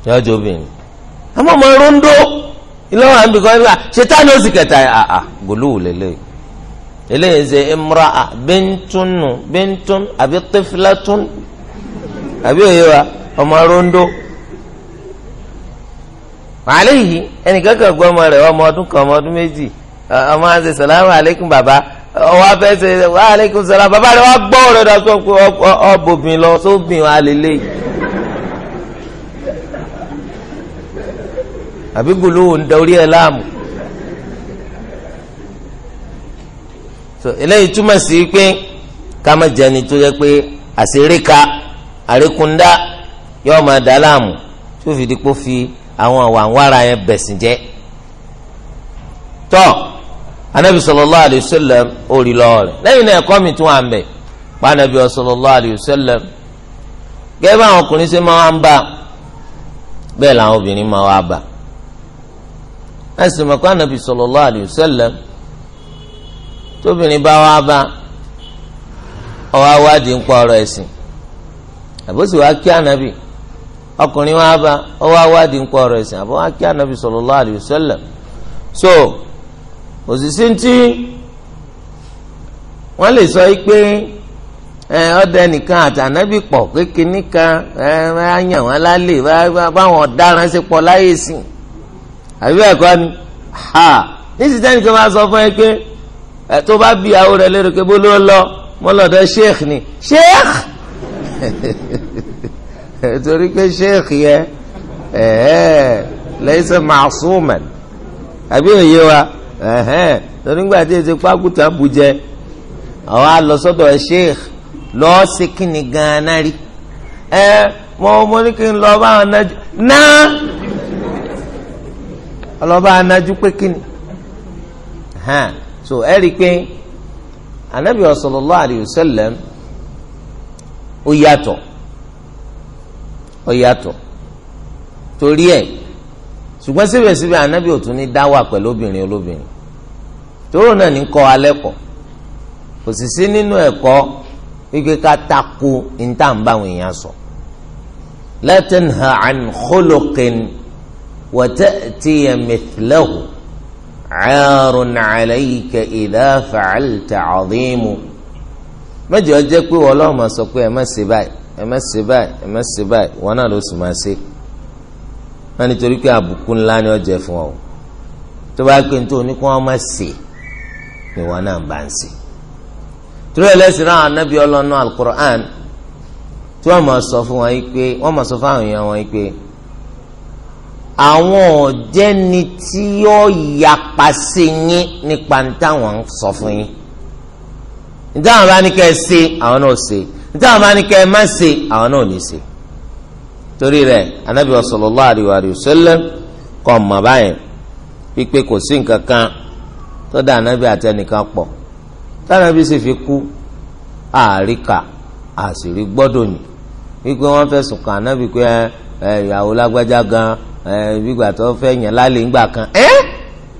yọjọ obìnrin àmọ́ ọmọ rondo ìlọ́wọ́ àbíkọ́ ṣètọ́ni ó sì kẹta àà gòlúwò lélẹ́yìí eléyìí ṣe imra'a bíntúnù bíntún àbí tífìlátún àbí òye wa ọmọ rondo màálíyìí ẹnìkan kan gbọ́ ọmọ rẹ̀ ọmọ ọdún kan ọmọ ọdún méjì ọmọ àti sàlámù aleykum bàbá ọwọ́ afẹ́ ṣe wà aleykum sàlámù bàbá rẹ̀ wà gbọ́ ọ̀rẹ́ dà sọ pé ọbòbìn lọ sóbìn wà lélẹ́yìí. àbí gòló ń ẹ̀ láàmú. so eléyìí túmọ̀ sí pé ká má jẹni tó yẹ pé àṣeréka àrékúndá yóò máa dá láàmú tó fi dípò fi àwọn àwàǹwára yẹn bẹ̀sìn jẹ́ tọ́ anabi sallallahu alayhi wa sallam orí lọ́ọ̀rẹ́ lẹ́yìn náà ẹ̀kọ́ mi tún wà ń bẹ̀ pa anabi sallallahu gẹ́gẹ́ bá àwọn ọkùnrin ṣe máa ń bá bẹ́ẹ̀ làwọn obìnrin máa wá bá ẹ̀sìn mọ̀kọ́ anabi sallallahu alayhi tóbìnrin bá wá bá ọwọ́ awádìí ń pa ọ̀rọ̀ ẹ̀sìn àbòsí wa kí ànábì ọkùnrin wa bá ọwọ́ awádìí ń pa ọ̀rọ̀ ẹ̀sìn àbọ̀ wa kí ànábì sallallahu alaihi so òṣìṣẹ́ tí wọ́n lè sọ pé ọdẹ nìkan àtànábì pọ̀ kékeré nìkan ayàn wọn lálẹ́ báwọn ọ̀daràn ṣe pọ̀ láyé sí àbí bẹ́ẹ̀ kọ́ ni ha ní ti sọ fún ẹ ẹ tó bá bí àwọn rẹ lérò pé bólú lọ mọlọdọ sheikh ni sheikh <laughs> torí pé sheikh yẹ ẹhẹ lẹsẹ màṣúmẹn àbí òye wa ẹhẹ torí gbà tí èsì pákútà bùjẹ àwọn alọsọdọ sheikh lọ sí kíni ganan rí ẹ mo mo ní kí n lọ bá wọn nájú náà ọlọ́ba anájú pé kíni so ẹ rí i pé anabi sallallahu alayhi wa sallam ó yàtọ̀ ó yàtọ̀ torí ẹ̀ ṣùgbọ́n síbẹ̀síbẹ̀ anabi ò tún ní dáwà pẹ̀lú obìnrin olóbìnrin tóró náà ní kọ́ alẹ́ kọ́ kò sì sí nínú ẹ̀kọ́ wípé ká tako ìtàǹbà àwọn èèyàn sọ la tanha an khuluqin wa ta'tiya mithlahu aarun alayka idha fa'alta azimu mẹjọ jẹ pé wọn lọọ máa sọ pé ẹ má ṣe báyìí ẹ má ṣe báyìí ẹ má ṣe báyìí wọn náà ló sì máa ṣe wọn nítorí pé àbùkù ńlá ni ó jẹ fún ọ tó bá pé nítorí ní kí wọn má ṣe ni wọn náà bá ń ṣe torí ẹlẹsìn náà anábì ọlọ́nà alukur'an tí wọn máa sọ fún wọn yìí pé wọn máa sọ fún àwọn èèyàn wọn yìí pé àwọn ọ̀jẹ́ni tí yóò yapa sí yín nípa táwọn ń sọ fún yín nítawọn bá ní kẹ́ ẹ ṣe àwọn náà ṣe nítawọn bá ní kẹ́ ẹ má ṣe àwọn náà ní ṣe torí rẹ̀ anabi sallallahu alaihi wasallam kọ mọ báyẹn pípé kò sí nǹkan kan tó dá anabi àtẹnìkan pọ̀ tánàbí sì fi kú àríkà àṣírí gbọ́dọ̀ ni wípé wọ́n fẹ̀sùn kàn anabi pé ẹ ìyàwó lágbájá gan ẹ gbígbà tó fẹ́ yàn lálẹ́ ńgbà kan ẹ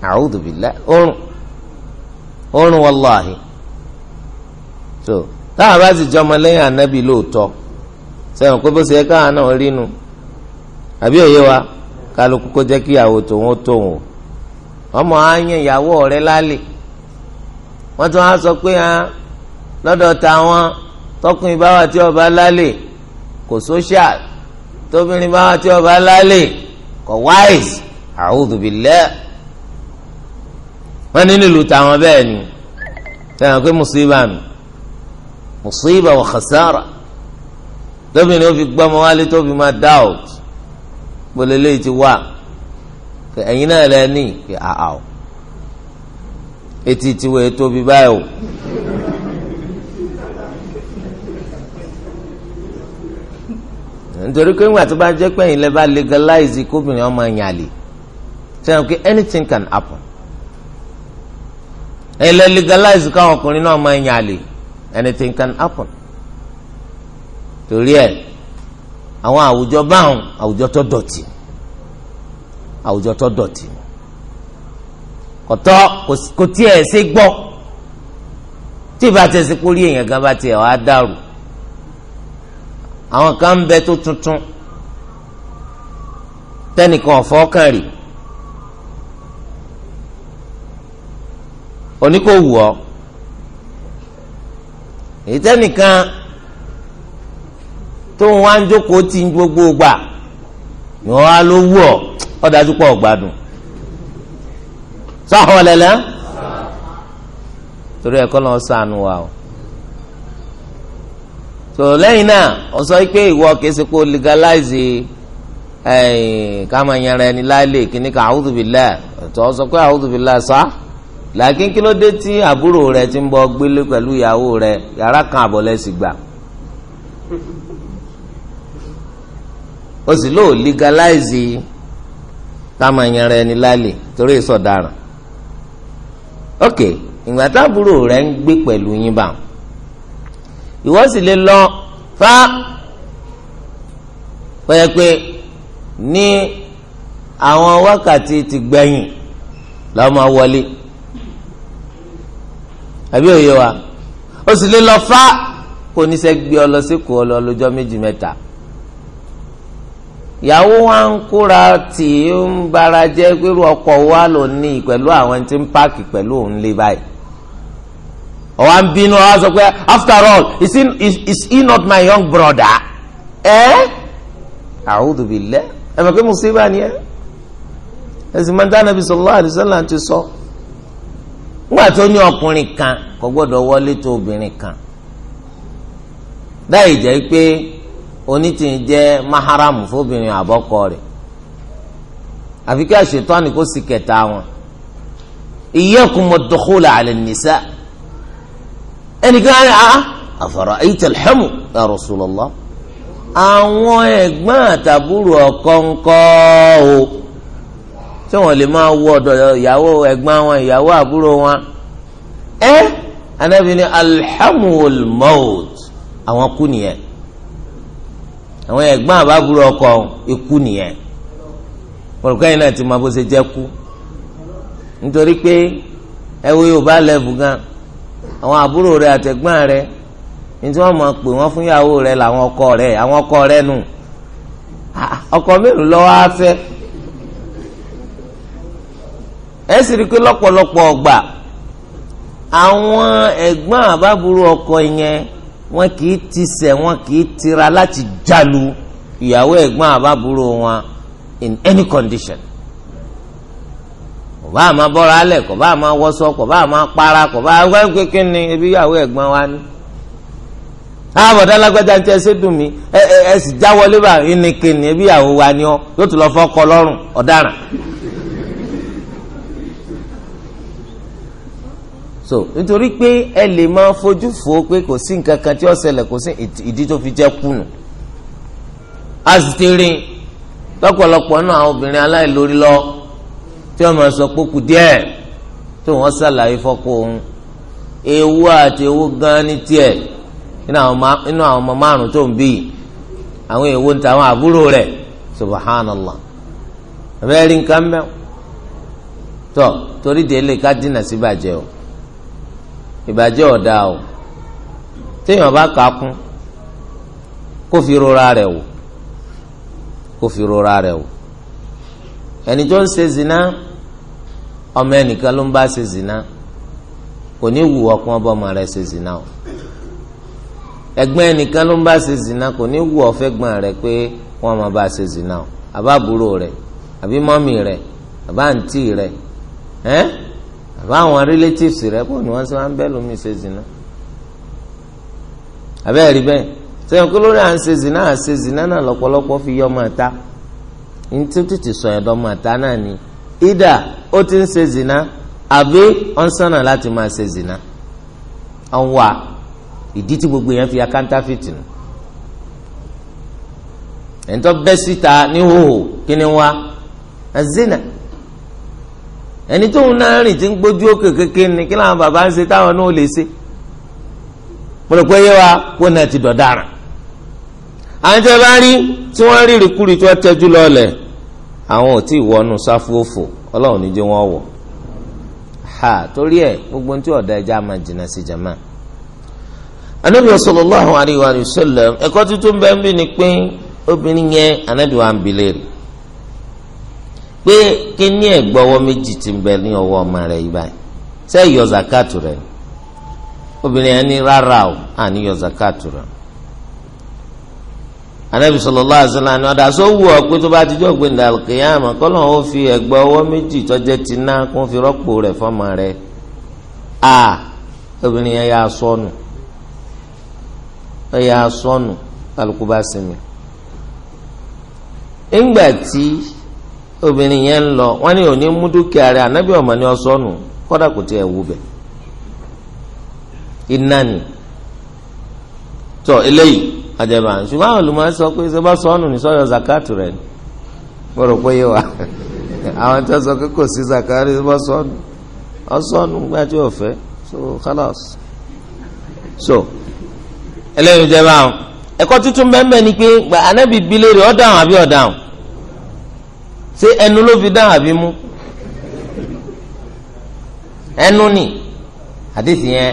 a'udhu billah oorun oorun wàláhì so táwọn bá sì jọmọ lẹ́yìn ànábì lóòótọ́ sẹ́wọ̀n pé bó ṣe yẹ káwọn náà rí nu àbí òye wa kálukú kó jẹ́ kí ìyàwó tòun ó tóun o ọmọ àyàn ìyàwó rẹ̀ lálẹ́ wọ́n tún á sọ pé hàn lọ́dọ̀ táwọn tọkùnrin báwa tí ọba lálẹ́ kò social tóbìnrin báwa tí ọba lálẹ́ kò wáìsì a'udhu billah wọ́n ní nílùú táwọn bẹ́ẹ̀ ni sẹ́yìn pé mùsíbà mi mùsíbà wà khasara lóbìnrin ó fi gbọ́mọ wálé tó fi máa dáòt gbọ́dọ̀ ti wá ẹ̀yin náà lẹ́ni pé àá o etí tiwọ̀ ètò bíbáyò nítorí pé ńgbà tó bá jẹ́ pé ìlẹ̀ bá legalize kóbìnrin ọmọ ẹ̀yìn àlè sẹ́yìn pé anything can happen ìlẹ̀ legalize káwọn ọkùnrin náà ọmọ ẹ̀yìn àlè anything can happen torí ẹ̀ àwọn àwùjọ báwọn àwùjọ tó dọ̀tí àwùjọ tó dọ̀tí kọ̀tọ́ kò tiẹ̀ ṣe gbọ́ tí ìbá tẹ̀sí kórí èèyàn gan bá tiẹ̀ wá dàrú àwọn kan ń bẹ tó tuntun tẹnìkan ọ̀fọ́kàn rì oníkòwù ọ èyí tẹnìkan tó ń wá ń jókòó tí gbogbo gbà yọ̀ọ́ á ló wù ọ ọ́ dájú pọ̀ gbádùn sọ́hàn ọ̀lẹ́lẹ́ torí ẹ̀kọ́ náà sànù wa o. so lẹ́yìn náà wọ́n sọ pé ìwọ kẹsì kó legalize eh, káma yanra ni láìlè kíní ká a'udhu bi ọ̀tọ̀ wọ́n sọ pé bi sá làákín kí ló dé tí àbúrò rẹ ti ń bọ gbélé pẹ̀lú ìyàwó rẹ yàrá kan àbọ̀lẹ́sì gbà o sì legalize káma láìlè torí ok ìgbà rẹ ń gbé pẹ̀lú fa pẹ́yẹ pé ní àwọn wákàtí ti gbẹ̀yìn làwọn máa wọlé àbí òye wa ó sì lè lọ fa kò ní sẹ́ gbé ọ lọ sí kò ọ lọ lọ́jọ́ méjì mẹ́ta ìyàwó wa ń kóra tì í ń bara jẹ́ pẹ̀lú ọkọ̀ wa lò ní pẹ̀lú àwọn tí ń páàkì pẹ̀lú òun lé báyìí ọwọ́ ń bínú ọwọ́ sọ pé after all is he, is, is he not my young brother ẹ a'udhu billah ẹ mọ̀ pé musiba ni ẹ ẹsìn máa ń dáná bí sallallahu alaihi wasallam ti sọ nígbà tó ní ọkùnrin kan kò gbọ́dọ̀ wọlé tó obìnrin kan dáì jẹ́ pé onítìyìn jẹ́ maharamu fóbìnrin àbọ́kọ rẹ̀ àfi kí àṣetọ́ni kó sì kẹta wọn iyyakum wad-dukhul ala an ẹnìkan á a àfàrà ayíta alḥamu ya Rasulullah àwọn ẹ̀gbọ́n àtàbúrò ọkọ o tí wọ́n lè máa wọ ọ̀dọ̀ ìyàwó ẹ̀gbọ́n wọn ìyàwó àbúrò wọn ẹ alhamul maut àwọn kú nìyẹn àwọn ẹ̀gbọ́n àbábúrò ọkọ ikú nìyẹn pọlùkọ yìí náà ti máa bó ṣe jẹ kú nítorí àwọn àbúrò rẹ àtẹ̀gbọ́n rẹ ní tí wọ́n máa pè wọ́n fún ìyàwó rẹ làwọn ọkọ rẹ àwọn ọkọ rẹ nù ah, ọkọ mélòó lọ́wọ́ á fẹ́ ẹ sì rí i pé lọ́pọ̀lọpọ̀ ọgbà àwọn ẹ̀gbọ́n àbábúrò ọkọ yẹn wọn kì í tisẹ̀ wọn kì í tira láti jalu ìyàwó ẹ̀gbọ́n àbábúrò wọn in any condition bá àmọ́ bọ́ra alẹ̀ kò bá àmọ́ wọ́sọ kò bá àmọ́ para kò bá àwọn kékeré ni ebi ìyàwó ẹ̀gbọ́n wa ni. àbọ̀dá alágbádá ti ẹsẹ̀ dùn mí ẹ ẹ sì jáwọlé bá ìnìkè ni ebi ìyàwó wa ni ọ yóò tún lọ fọ́kọ lọ́rùn ọ̀daràn. so nítorí pé ẹ lè máa fojú fo pé kò sí nǹkan kan tí ó ṣẹlẹ̀ kò sí ìdí tó fi jẹ́ kùnù. a sì ti rìn lọ́pọ̀lọpọ̀ náà obìnrin aláìlórí lọ́ọ́ tí wọn máa sọ kpókù díẹ̀ tó wọn sàlàyé fọkọ òun ewu àti ewu gan ní tiẹ̀ nínú àwọn ọmọ márùn tó ń bí àwọn ewu níta àwọn àbúrò rẹ̀ subhanallah abẹ́rẹ́ nǹkan mẹ́wọ́ Tọ torí délé ká dínà sí ìbàjẹ́ o ìbàjẹ́ o téèyàn bá kà á kún kó fi rora wò kó fi rora ọmọ ẹnìkan ló ń bá ṣe zina kò ní wù ọkùn ọba ọmọ rẹ ṣe zina o ẹ̀gbọ́n ẹnìkan ló ń bá ṣe zina kò ní wù ọfẹgbọn rẹ pé wọn máa bá ṣe zina o àbábúrò rẹ àbí mọ́mì rẹ àbá àǹtí rẹ ẹ́ àbá àwọn relatives rẹ kò ní wọ́n ṣe wá ń bẹ́ẹ̀ lómi ṣe zina àbẹ́ẹ̀ rí bẹ́ẹ̀ sẹ́yìn kó lórí à ń ṣe zina à ń ṣe zina náà lọ́pọ̀lọpọ̀ fi yọ ọmọ ta ní tí ó tètè sọ ẹ̀dọ́ ọmọ ta náà ni. ìdá ó ti ń ṣe zina àbí ó sànà láti máa ṣe zina ó wà ìdí tí gbogbo yẹn fi ya counterfeit nù ẹ̀ńtọ́ bẹ́ síta ní kí ni wá zina ẹni tó ń náà rìn tí ń gbójú òkè kékeré ni kí làwọn bàbá ń ṣe táwọn náà lè ṣe wa kó náà ti àwọn tí wọ́n bá rí tí wọ́n rí rìkúrì tí wọ́n tẹ́jú àwọn ò tí ì wọnú sáfúòfò ọlọ́run níjẹ́ wọn wọ̀ ha torí ẹ gbogbo tí ọ̀dà ẹja máa jìnnà sí jama. anabi sallallahu alayhi wa sallam ẹ̀kọ́ tuntun bẹ́ẹ̀ ń bí ni pé obìnrin yẹn anabi wa ń pé kí méjì ti ń bẹ ní ọmọ yìí báyìí zakatu obìnrin yẹn ní rárá o zakatu anabi sọlọlá àṣàlà ni ọdà sọ wù ọ pé tó bá ti jọ pé ndà kìyàmà kọlọ́n ó fi ẹ̀gbà ọwọ méjì tọ́jẹ́ ti kó fi a obìnrin yẹn yà sọnù ẹ yà sọnù kálukú bá sinmi. ńgbà tí obìnrin yẹn lọ wọn ni òní mú dúkìá anabi ọmọ ni ọ sọnù kò ọjọba ṣùgbọ́n àwọn olùmọ̀ sọ pé ṣe bá sọ́ọ̀nù ní sọ́yọ̀ zakatu rẹ̀ ni mo rò pé yé wa <laughs> àwọn tó sọ pé kò sí zakatu ṣe bá sọ́ọ̀nù ọ̀sọ́ọ̀nù gbà tí ò so kálọ̀s. so eléyìí jẹ́ báwọn ẹ̀kọ́ tuntun bẹ́ẹ̀ ni pé gba anábì bílẹ̀ rẹ̀ ọ̀dà àwọn àbí ọ̀dà àwọn ṣé ẹnu ló fi dáhùn àbí mú ẹnu ni àdìsí yẹn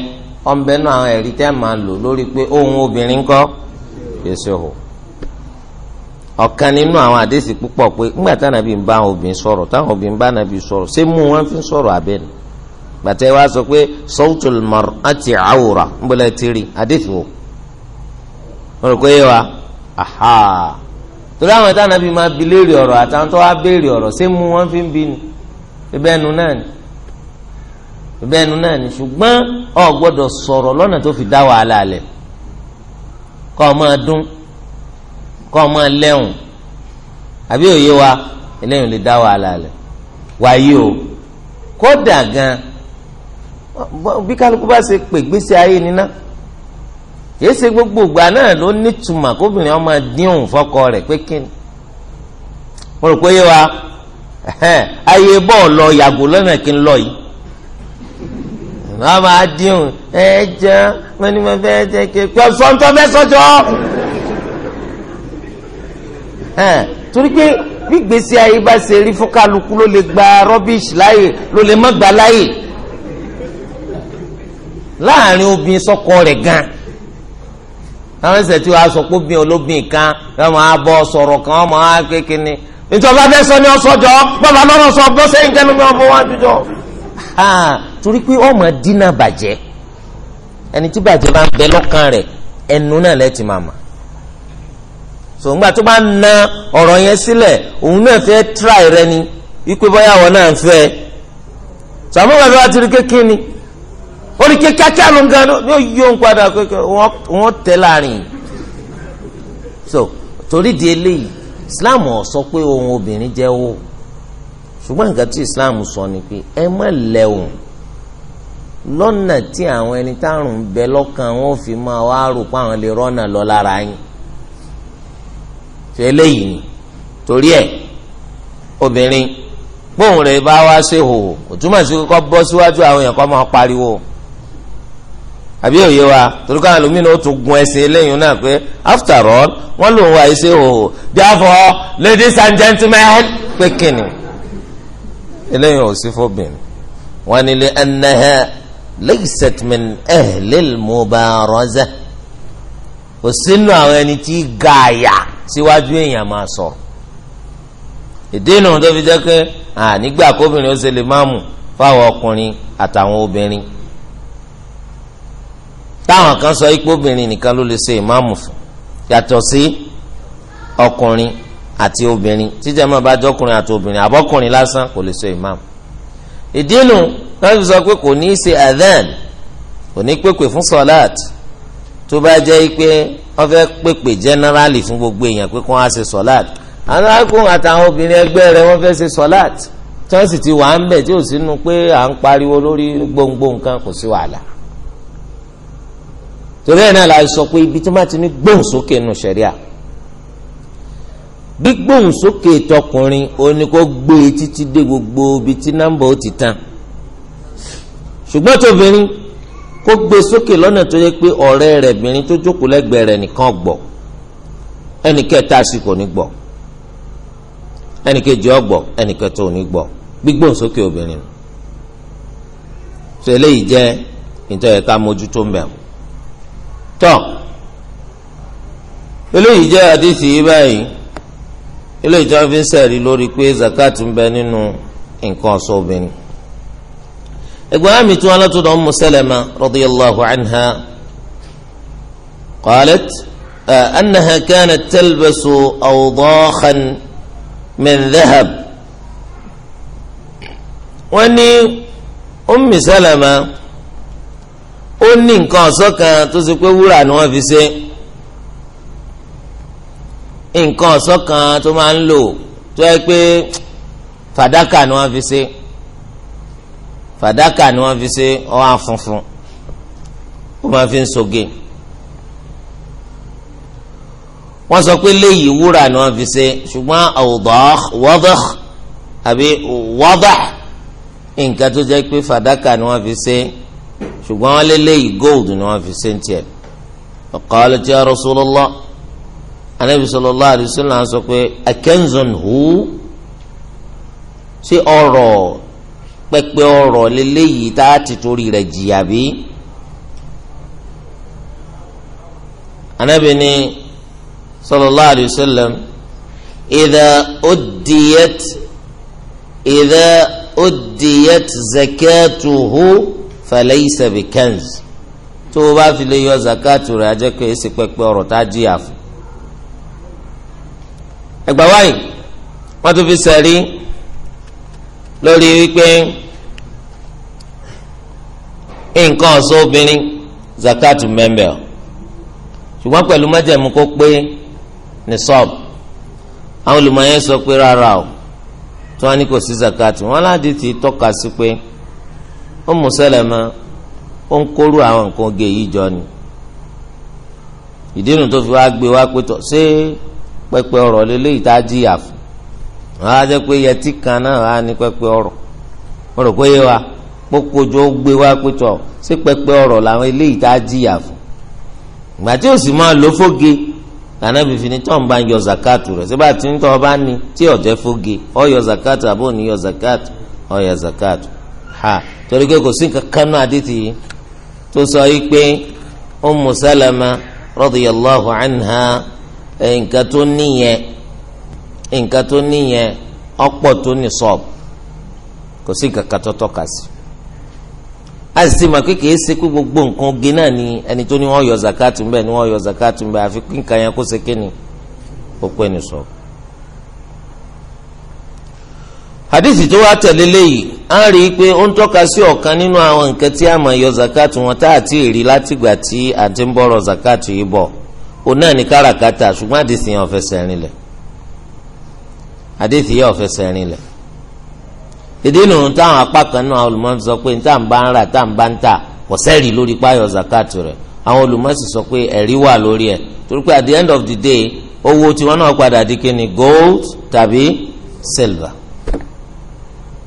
ọ̀nbẹ́nu àwọn ẹ̀rí tẹ́ máa lò lórí pé ohun obìnrin kọ́ yẹsẹ o ọkan nínú àwọn àdéhìí púpọ̀ pé ńgbà táwọn nàbí ń bá obìnrin sọ̀rọ̀ táwọn obìnrin bá nàbí sọ̀rọ̀ ṣé mú wọn fi wa sọ pé sawtul mar'ati awra ńbọ̀lẹ̀ tìrì àdéhìí o wọ́n rò pé wa aha torí àwọn táwọn nàbí máa bi léèrè ọ̀rọ̀ àtàwọn tó wá béèrè ọ̀rọ̀ ṣé mú wọn fi ń bi ni ìbẹ́ẹ̀nu náà ni náà ni tó kọ́ ọ máa dún kọ́ ọ máa lẹ́hùn àbí òye wa eléyìí lè dá wàhálà lẹ̀ wáyé o kódà gan bí kálukú bá ṣe pè gbèsè ayé níná yìí ṣe gbogbo ìgbà náà ló nítumọ̀ kóbìnrin ọmọ díhùn fọkọ rẹ̀ pé kíni mo rò pé yé wa ayé bọ́ọ̀ lọ yàgò lọ́nà kí n lọ yìí wọ́n máa dín ẹ jẹ́ wọ́n ní wọ́n fẹ́ jẹ́ ké pé sọ́ńtọ́ fẹ́ sọ́jọ́. torí pé gbígbèsè ayé bá ṣe rí fún kálukú ló lè gba rubbish láàyè ló lè má gbà láàyè láàrin obìnrin sọ́kọ rẹ̀ gan àwọn ẹsẹ̀ tí wàá sọ pé obìnrin olóbìnrin kan wọ́n máa bọ́ sọ̀rọ̀ kan wọ́n máa kékeré ni nítorí bá fẹ́ sọ ní ọ̀sọ́jọ́ bàbá lọ́rọ̀ sọ bó ṣe ń kẹ́nu mi ọ̀bọ̀ wájú jọ ah, torí pé ọmọ dínà bàjẹ́ ẹni tí bàjẹ́ bá ń bẹ lọ́kàn rẹ̀ ẹnu náà lẹ́tì máa mà sòǹgbà tó bá na ọ̀rọ̀ yẹn sílẹ̀ òun náà fẹ́ tíráì rẹ ni wípé bóyá wọn náà ń fẹ́ sàmú bàbá wa ti rí kékeré ni ó rí kékeré kí àlùn gan ni ó yí òun padà kékeré wọn tẹ láàrin so torí di eléyìí Islam ọ̀ sọ pé ohun obìnrin jẹ́ wò ṣùgbọ́n nǹkan tí Islam sọ ni pé ẹ má lẹ́wọ̀n lọ́nà tí àwọn ẹni tárùn ń bẹ lọ́kàn wọn fi máa wá rò pé àwọn lè rọ́nà lọ lára yín tẹ́lẹ̀ yìí ni torí ẹ̀ obìnrin gbóhùn rẹ̀ bá wá ṣe hòhò kò túmọ̀ sí kọ́ bọ́ síwájú àwọn èèyàn kọ́ máa pariwo àbí òye wa torí káwọn ẹlòmíín náà ó tún gun ẹsẹ̀ eléyìí náà pé after all wọ́n lòun wá ṣe hòhò therefore ladies and gentlemen pé kìnnì eléyìí ò sí fóbìnrin wọ́n nílé ẹnẹ́hẹ́ laysat min ahlil mubaraza kò sínú àwọn ẹni tí gààyà síwájú èèyàn máa sọ̀rọ̀ èdè ìnù tó fi jẹ́ pé nígbà kóbìnrin ó ṣe lè máa mú fáwọn ọkùnrin àtàwọn obìnrin táwọn kan sọ ipò obìnrin nìkan ló lè ṣe ìmáàmù fún yàtọ̀ sí ọkùnrin àti obìnrin tíjẹ́ máa bá jọkùnrin àti obìnrin àbọ̀kùnrin lásán kò lè ṣe ìmáàmù ìdínú láti sọ pé kò ní í ṣe adhan kò ní pèpè fún sọláàt tó bá jẹ́ pé wọ́n fẹ́ pèpè generally fún gbogbo èèyàn pé kí wọ́n á ṣe sọláàt àwọn akóhùn àtàwọn obìnrin ẹgbẹ́ rẹ̀ wọ́n fẹ́ ṣe sọláàt tí sì ti wà ń bẹ̀ tí ò sínú pé à ń pariwo lórí gbòǹgbò nǹkan kò sí wàhálà torí ẹ̀ náà la sọ pé ibi tó má ti ní gbòǹsókè nù sẹ́ríà gbígbóhùn sókè tọkùnrin òní kò gbé e títí dé gbogbo ibi tí nọ́mbà ó ti tán ṣùgbọ́n tóbìnrin kó gbé sókè lọ́nà tó yẹ pé ọ̀rẹ́ rẹ̀ bìnrin tó jókòó lẹ́gbẹ̀ẹ́ rẹ̀ nìkan gbọ́ ẹnì kẹta sì kò ní gbọ́ ẹnì kejì ọgbọ́ ẹnì kẹta ò ní gbọ́ gbígbóhùn sókè obìnrin tó eléyìí jẹ́ nítorí ká mójútó ń bẹ̀ tọ́ eléyìí jẹ́ àdìsí báyìí ilé ìjọba fi ń sẹ̀rí lórí pé zakat ń bẹ nínú nǹkan ọ̀sọ́ obìnrin. ẹgbẹ́ àmì tí wọ́n lọ́tọ̀dọ̀ Ummu Salama radiyallahu anha qalat annaha kanat talbasu awdakhan min dhahab. wọ́n ní Ummu Salama ó ní nǹkan ọ̀sọ́ kan tó ṣe pé wúrà ni wọ́n fi ṣe é nǹkan ọ̀ṣọ́ kan tó máa ń lò tó yẹ pé fàdákà ni wọ́n fi ṣe fàdákà ni wọ́n fi ṣe ọ̀hún afunfun ó máa fi ń soge wọ́n sọ pé léyìí wúrà ni wọ́n fi ṣe ṣùgbọ́n awdah wadah àbí wadah nǹkan tó jẹ́ pé fàdákà ni wọ́n fi ṣe ṣùgbọ́n wọ́n lé léyìí gold ni wọ́n fi ṣe ń tiẹ̀. qalat ya Rasulullah anabi sallallahu alayhi wa sallam sọ pé akẹ́nzọ̀n hu ṣé ọrọ̀ pẹpẹ ọrọ̀ lélẹ́yìí tá a ti torí rẹ̀ jìyà bí. anabi ni sallallahu alayhi wa sallam idha uddiyat idha uddiyat zakatuhu falaysa bikanz tó o bá fi lè yọ zakatu rẹ̀ ajẹ́ pé èsì pẹpẹ ọrọ̀ tá a jìyà fún ẹgbà wáyé wọn tún fi sẹrí lórí wípé nǹkan ọ̀sọ́ obìnrin zakat mẹ́mbẹ́ ọ̀ ṣùgbọ́n pẹ̀lú májẹ̀mú kó pé ní sọ́ọ̀bù àwọn olùmọ̀ọ́yẹ́ sọ pé rárá o tí wọ́n ní kò sí zakat wọn láti ti tọ́ka sí pé Ummu Salama ó ń kóró àwọn nǹkan oge yìí jọ ni ìdí nu tó fi wá gbé wá pé tọ́ ṣé. pẹpẹ ọrọ lélẹyìí tá a jìyà fún wọn á jẹ pé yẹtí kan náà á ní pẹpẹ ọrọ wọn rò pé yé wa gbé sí pẹpẹ ọ̀rọ̀ làwọn eléyìí tá a jìyà fún ìgbà tí òsì máa lò fóge lànàbí fi ni tọ́n bá ń yọ zakatu síbà tí ń tọ́ bá ní ọ yọ zakatu àbò ní yọ zakatu ọ yọ zakatu ha torí pé kò sí nǹkan náà àdìtì yìí tó sọ yìí pé Salama anha. Eh, nǹkan tó níyẹn nǹkan tó níyẹn ọ̀pọ̀ tó ní sọ́ọ̀bù kò sí kankan tó tọ́ka sí a sì ti mọ̀ pé kìí ṣe pé gbogbo nǹkan oge náà ni ẹni tó ní wọ́n yọ zakati ń bẹ̀ ni wọ́n yọ zakati ń bẹ̀ àfi kí nǹkan yẹn kó ṣe kíni ó pé ní hadith tó wá tẹ̀lé léyìí á rí i pé ó ń tọ́ka sí ọ̀kan nínú àwọn nǹkan tí a máa yọ zakati wọn tá àti rí látìgbà tí àti ń bọ̀rọ̀ zakati yìí bọ̀ òun náà ní káràkátà ṣùgbọ́n àdìsí yẹn ò fẹsẹ̀ rinlẹ̀ àdìsí yẹn ò fẹsẹ̀ rinlẹ̀ ìdí nu táwọn apá kan náà olùmọ̀ sọ pé ní táwọn bá ń rà táwọn bá ń tà kò sẹ́ẹ̀rì lórí páyọ̀ zakat rẹ̀ àwọn olùmọ̀ sọ pé ẹ̀rí wà lórí ẹ̀ torí pé at the end of the day owó tiwọn náà padà di kí ni gold tàbí silver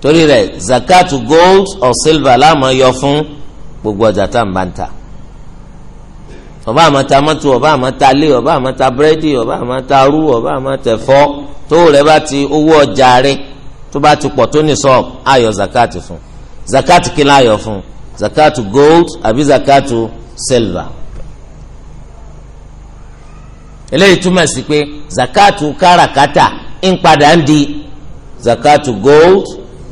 torí rẹ̀ zakat gold or silver láàmú yọ fún gbogbo ọjà táwọn bá ń tà ọba àmọ́ta mọ́tò ọba àmọ́ta lé ọba àmọ́ta búrẹ́dì ọba àmọ́ta rú ọba àmọ́ta ẹ̀fọ́ tó rẹ bá ti owó ọjà rẹ tó bá ti pọ̀ tó ní sọ ayọ̀ zakati fún zakati kí láyọ̀ fún zakati gold àbí zakati silver eléyìí túmọ̀ sí pé zakati káràkátà ń padà ń di zakati gold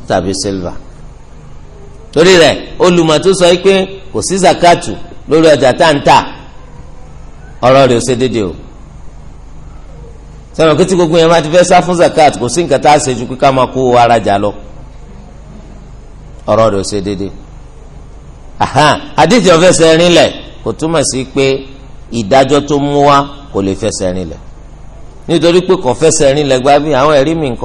tàbí silver torí rẹ̀ olùmọ̀ tó sọ pé kò sí zakati lórí ọjà tá ń tà ọ̀rọ̀ rẹ̀ ò ṣe déédéé o sẹ́wọ̀n kí gbogbo yẹn máa ti fẹ́ sá fún zakat kò sí nǹkan tá a ṣe ju kíkà máa kó ara jà lọ ọ̀rọ̀ rẹ̀ ò ṣe déédéé àdìtì ó fẹsẹ̀ rinlẹ̀ kò túmọ̀ sí pé ìdájọ́ tó mú wá kò lè fẹsẹ̀ nítorí pé kò fẹsẹ̀ gba bí àwọn ẹ̀rí mi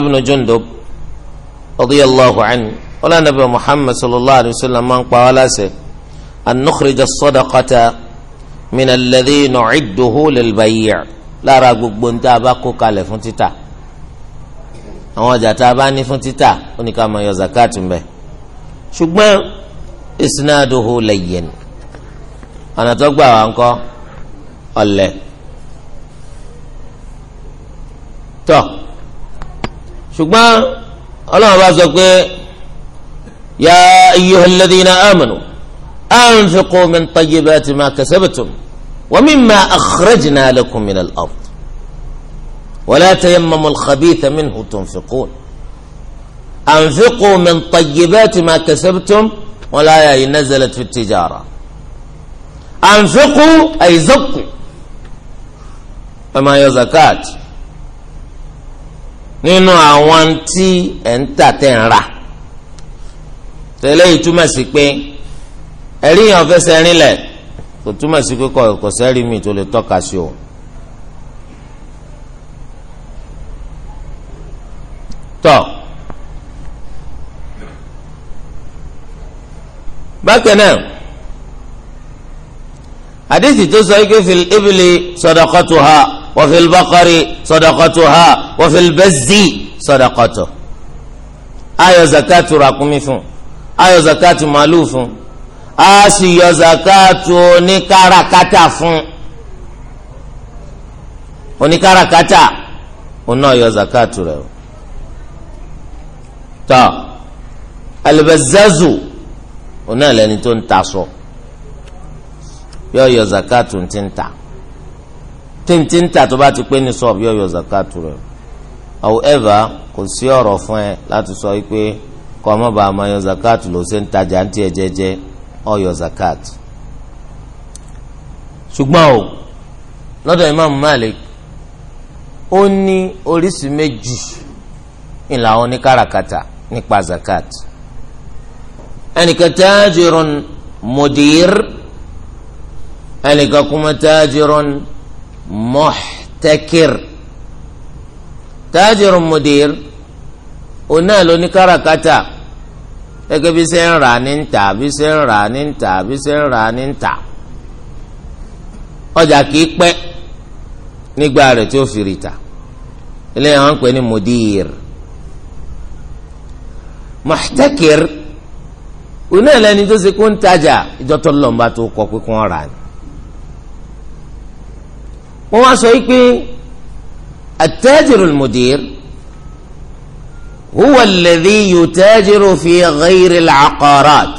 ibn Jundub ọlọ́nàbẹ̀ muhammed sallallahu alayhi wa sallam máa ń pa wá láṣẹ anukhrija sọdọkọta mina lẹ́dí nu'iduhu lilbayi' lára gbogbo ní tá a bá kó kalẹ̀ fún àwọn ọjà tá a bá ní fún títà máa yọ zakat ń bẹ isnaduhu layyin ọ̀nà tó gbà wá ńkọ́ ọ̀lẹ̀ tọ́ ṣùgbọ́n ọlọ́run bá sọ pé. يا أيها الذين آمنوا أنفقوا من طيبات ما كسبتم ومما أخرجنا لكم من الأرض ولا تيمموا الخبيث منه تنفقون أنفقوا من طيبات ما كسبتم ولا نزلت في التجارة أنفقوا أي زقوا فما هي زكاة نينو àwọn أنت ẹ̀ tẹ́lẹ̀ yìí túmọ̀ sí pé ẹ̀rí yẹn fẹsẹ̀ rinlẹ̀ kò túmọ̀ sí pé kò sẹ́rí mi tó lè tọ́ka sí o. tọ́ bákan náà àdìsí tó sọ ike fil ibili sadaqatuha wa fil baqari sadaqatuha wa fil bazzi sadaqatu ayọ̀ zakatu ràkúnmí fún ayọ zakati màálù fún a sì yọ zakati oníkàràkátà fún oníkàràkátà òun náà yọ zakati rẹ o tọ alibazazu òun náà lẹni tó ń ta sọ yọ yọ zakati ti ń ta tí ń ta tó bá ti pé ní sọọbù yọ yọ zakati rẹ however kò sí ọ̀rọ̀ fún ẹ láti sọ wípé. So kọ́ ọmọ bá a máa yọ zakat ló ṣe ń tajà ń tiẹ̀ jẹ́jẹ́ ọ yọ zakat. ṣùgbọ́n o lọ́dọ̀ imaamu Malik ó ní oríṣi méjì ìlà wọn ní káràkátà nípa zakat. ẹnìkan tajirun mudir ẹnìkan kuma tajirun muhtakir tajirun mudir òun náà ló ní káràkátà gẹ́gẹ́ bí ṣe ń rà ní ń tà bí ṣe ń rà ní ń tà bí ṣe ń rà ní ń tà ọjà kìí pẹ́ nígbà rẹ̀ tí ó fi rì tà ilé ń pè ní mudir muhtakir òun lẹni tó ṣe kó ń tajà ìjọ tó lọ́nba tó kọ pé kó ń rà ní. wọ́n wá sọ yìí pé at mudir. هو الذي yutajiru في غير العقارات. aqarat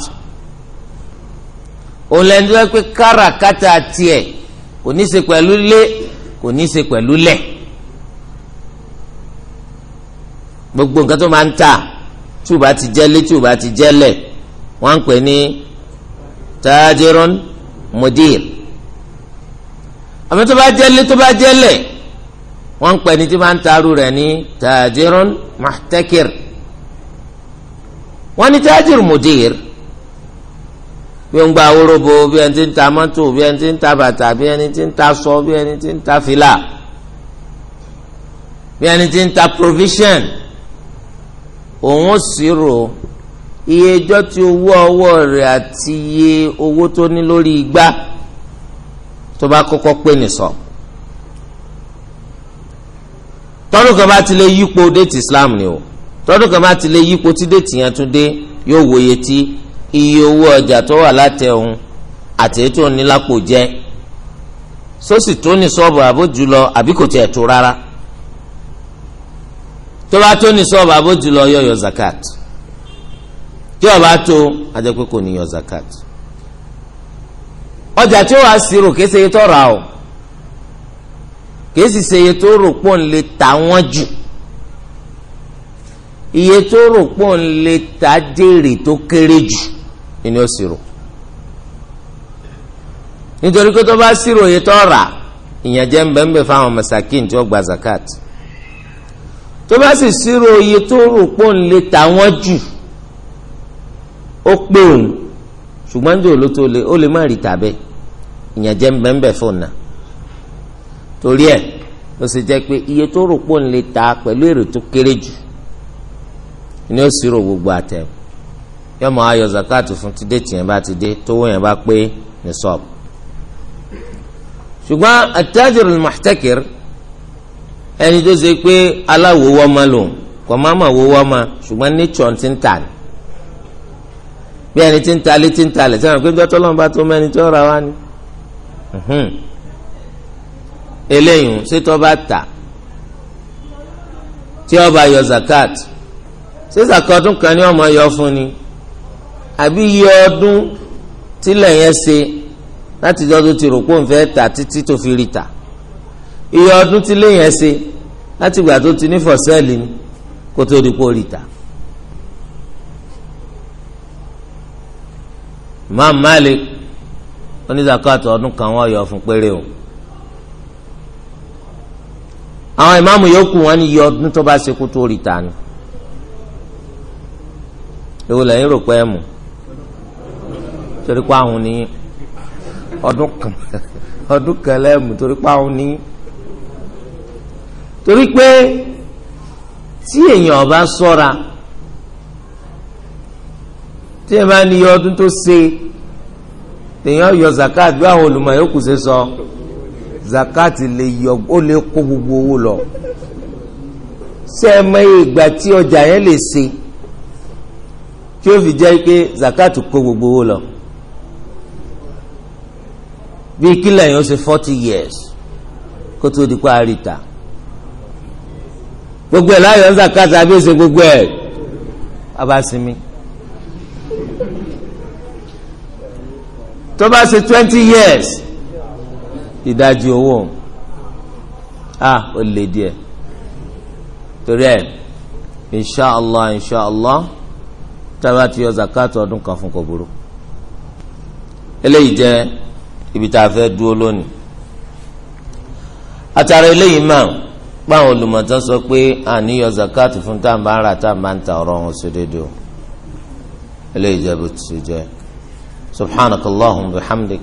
olùdókòwò pé káràkátà tiẹ̀ kò ní í ṣe pẹ̀lú lé kò ní í ṣe pẹ̀lú lẹ̀ gbogbo nǹkan tó máa ń tà tí o bá ti jẹ́ lé o bá ti jẹ́ lẹ̀ wọ́n ń pè ní tajirun mudir àmọ́ tó bá jẹ́ lé tó bá jẹ́ lẹ̀ wọ́n ń pè ní tí wọ́n ń taru rẹ̀ ní tajirun muhtakir wọ́n ní tajir mudir bí wọ́n gba aworobo bí ẹni tí ń ta mọ́tò bí ẹni tí ń ta bàtà bí ẹni tí ta sọ bí ẹni tí ta fìlà bí ẹni tí ta provision òun ó ṣírò iye ẹjọ́ tí owó ọwọ́ rẹ̀ àti iye owó tó ní lórí igbá tó bá kọ́kọ́ pè ní sọ. So tọ́dún kan bá ti lè yípo déètì islam ni o tọ́dún kan bá ti lè yípo tí déètì yẹn tún dé yóò wòye tí iye owó ọjà tó wà látẹ òun àti ètò onílápò jẹ sósì tó ní sọ́ọ̀bù àbójú lọ àbí kò tiẹ̀ tó rárá tó bá tó ní sọ́ọ̀bù àbójú lọ yọ yọ zakat tí ọba tó ajẹ́ kò ní yọ zakat ọjà tí ó wàá sírò kése tó rà o kìí sì ṣe iye tó rò pọ̀ ń lè ta wọ́n jù iye tó rò pọ̀ ń lè ta dèrè tó kéré jù ni ó rò nítorí pé tó bá ṣírò iye tó rà ìyẹn jẹ́ ńbẹ́ńbẹ́ fáwọn masakin tí ó gba zakat tó bá sì ṣírò iye tó rò pọ̀ ń lè ta wọ́n jù ó pé òun ṣùgbọ́n jòló tó lè ó lè má rí tàbẹ́ ìyẹn jẹ́ ńbẹ́ńbẹ́ fún náà torí ẹ̀ ló sì jẹ́ pé iye tó rò pò ń lè ta pẹ̀lú èrè tó kéré jù ni ó sì rò gbogbo àtẹ̀ yọ mọ ayọ zakatu fún ti dé tìyẹn bá ti dé tówó yẹn bá pé ní sọọbù ṣùgbọ́n at-tajir al ẹni tó ṣe pé aláwo wọ́n lòun kò má mà wo wọ́n máa ṣùgbọ́n nature ti ń tà ní bí ẹni ti ń ta lé ti ń talẹ̀ sẹ́wọ̀n pé bí ọtọ́ lọ́nba tó mẹ́ni tó ra wá ni eléyìí ṣé tó bá tà tí ó yọ zakat ṣé zakat ọdún kan ni ọmọ yọ fún ni àbí iye ọdún tílẹ̀ yẹn ṣe láti jọ́ tó ti rò pé òun fẹ́ tà títí tó fi rí tà iye ọdún tílẹ̀ yẹn ṣe láti ìgbà tó ti ní fọ̀sẹ́ẹ̀lì kó tó di kó rí tà. Imam Malik oní ọdún kan wọ́n yọ fún péré o. àwọn ìmáàmù yòókù wọn ni yọ ọdún tó bá ṣe kú tó ta ewu lẹ́yìn rò pé ẹ torí pé àwọn ní ọdún kan <laughs> torí pé tí èèyàn ọba sọ́ra tí èèyàn bá ní yọ ọdún tó ṣe yọ zakat bí àwọn olùmọ̀ yòókù ṣe sọ. zakati le yọ o le kó gbogbo owó lọ ṣé ẹ mọ ìgbà tí ọjà yẹn lè ṣe tí ó fi jẹ́ pé zakati kó gbogbo owó lọ bíi kílẹ̀ yẹn ó ṣe forty years kó tó di pa àríta gbogbo ẹ̀ láyọ̀ ń zakati àbí ẹ̀ṣẹ̀ gbogbo ẹ̀ abásimi tó bá ṣe twenty years ìdajì owó a ò lè díẹ̀ torí ẹ inshàlá inshàlá tábà tí yọ zakat ọdún kan fún kò burú eléyìí jẹ́ ibi tá a fẹ́ dúró lónìí àtàrà eléyìí máa báwọn olùmọ̀tán sọ pé àníyọ zakat fún tá a máa rà tá ọ̀rọ̀ wọn sí dédé o eléyìí jẹ́ bó ti ṣe jẹ́ subhanakallahumma bihamdik.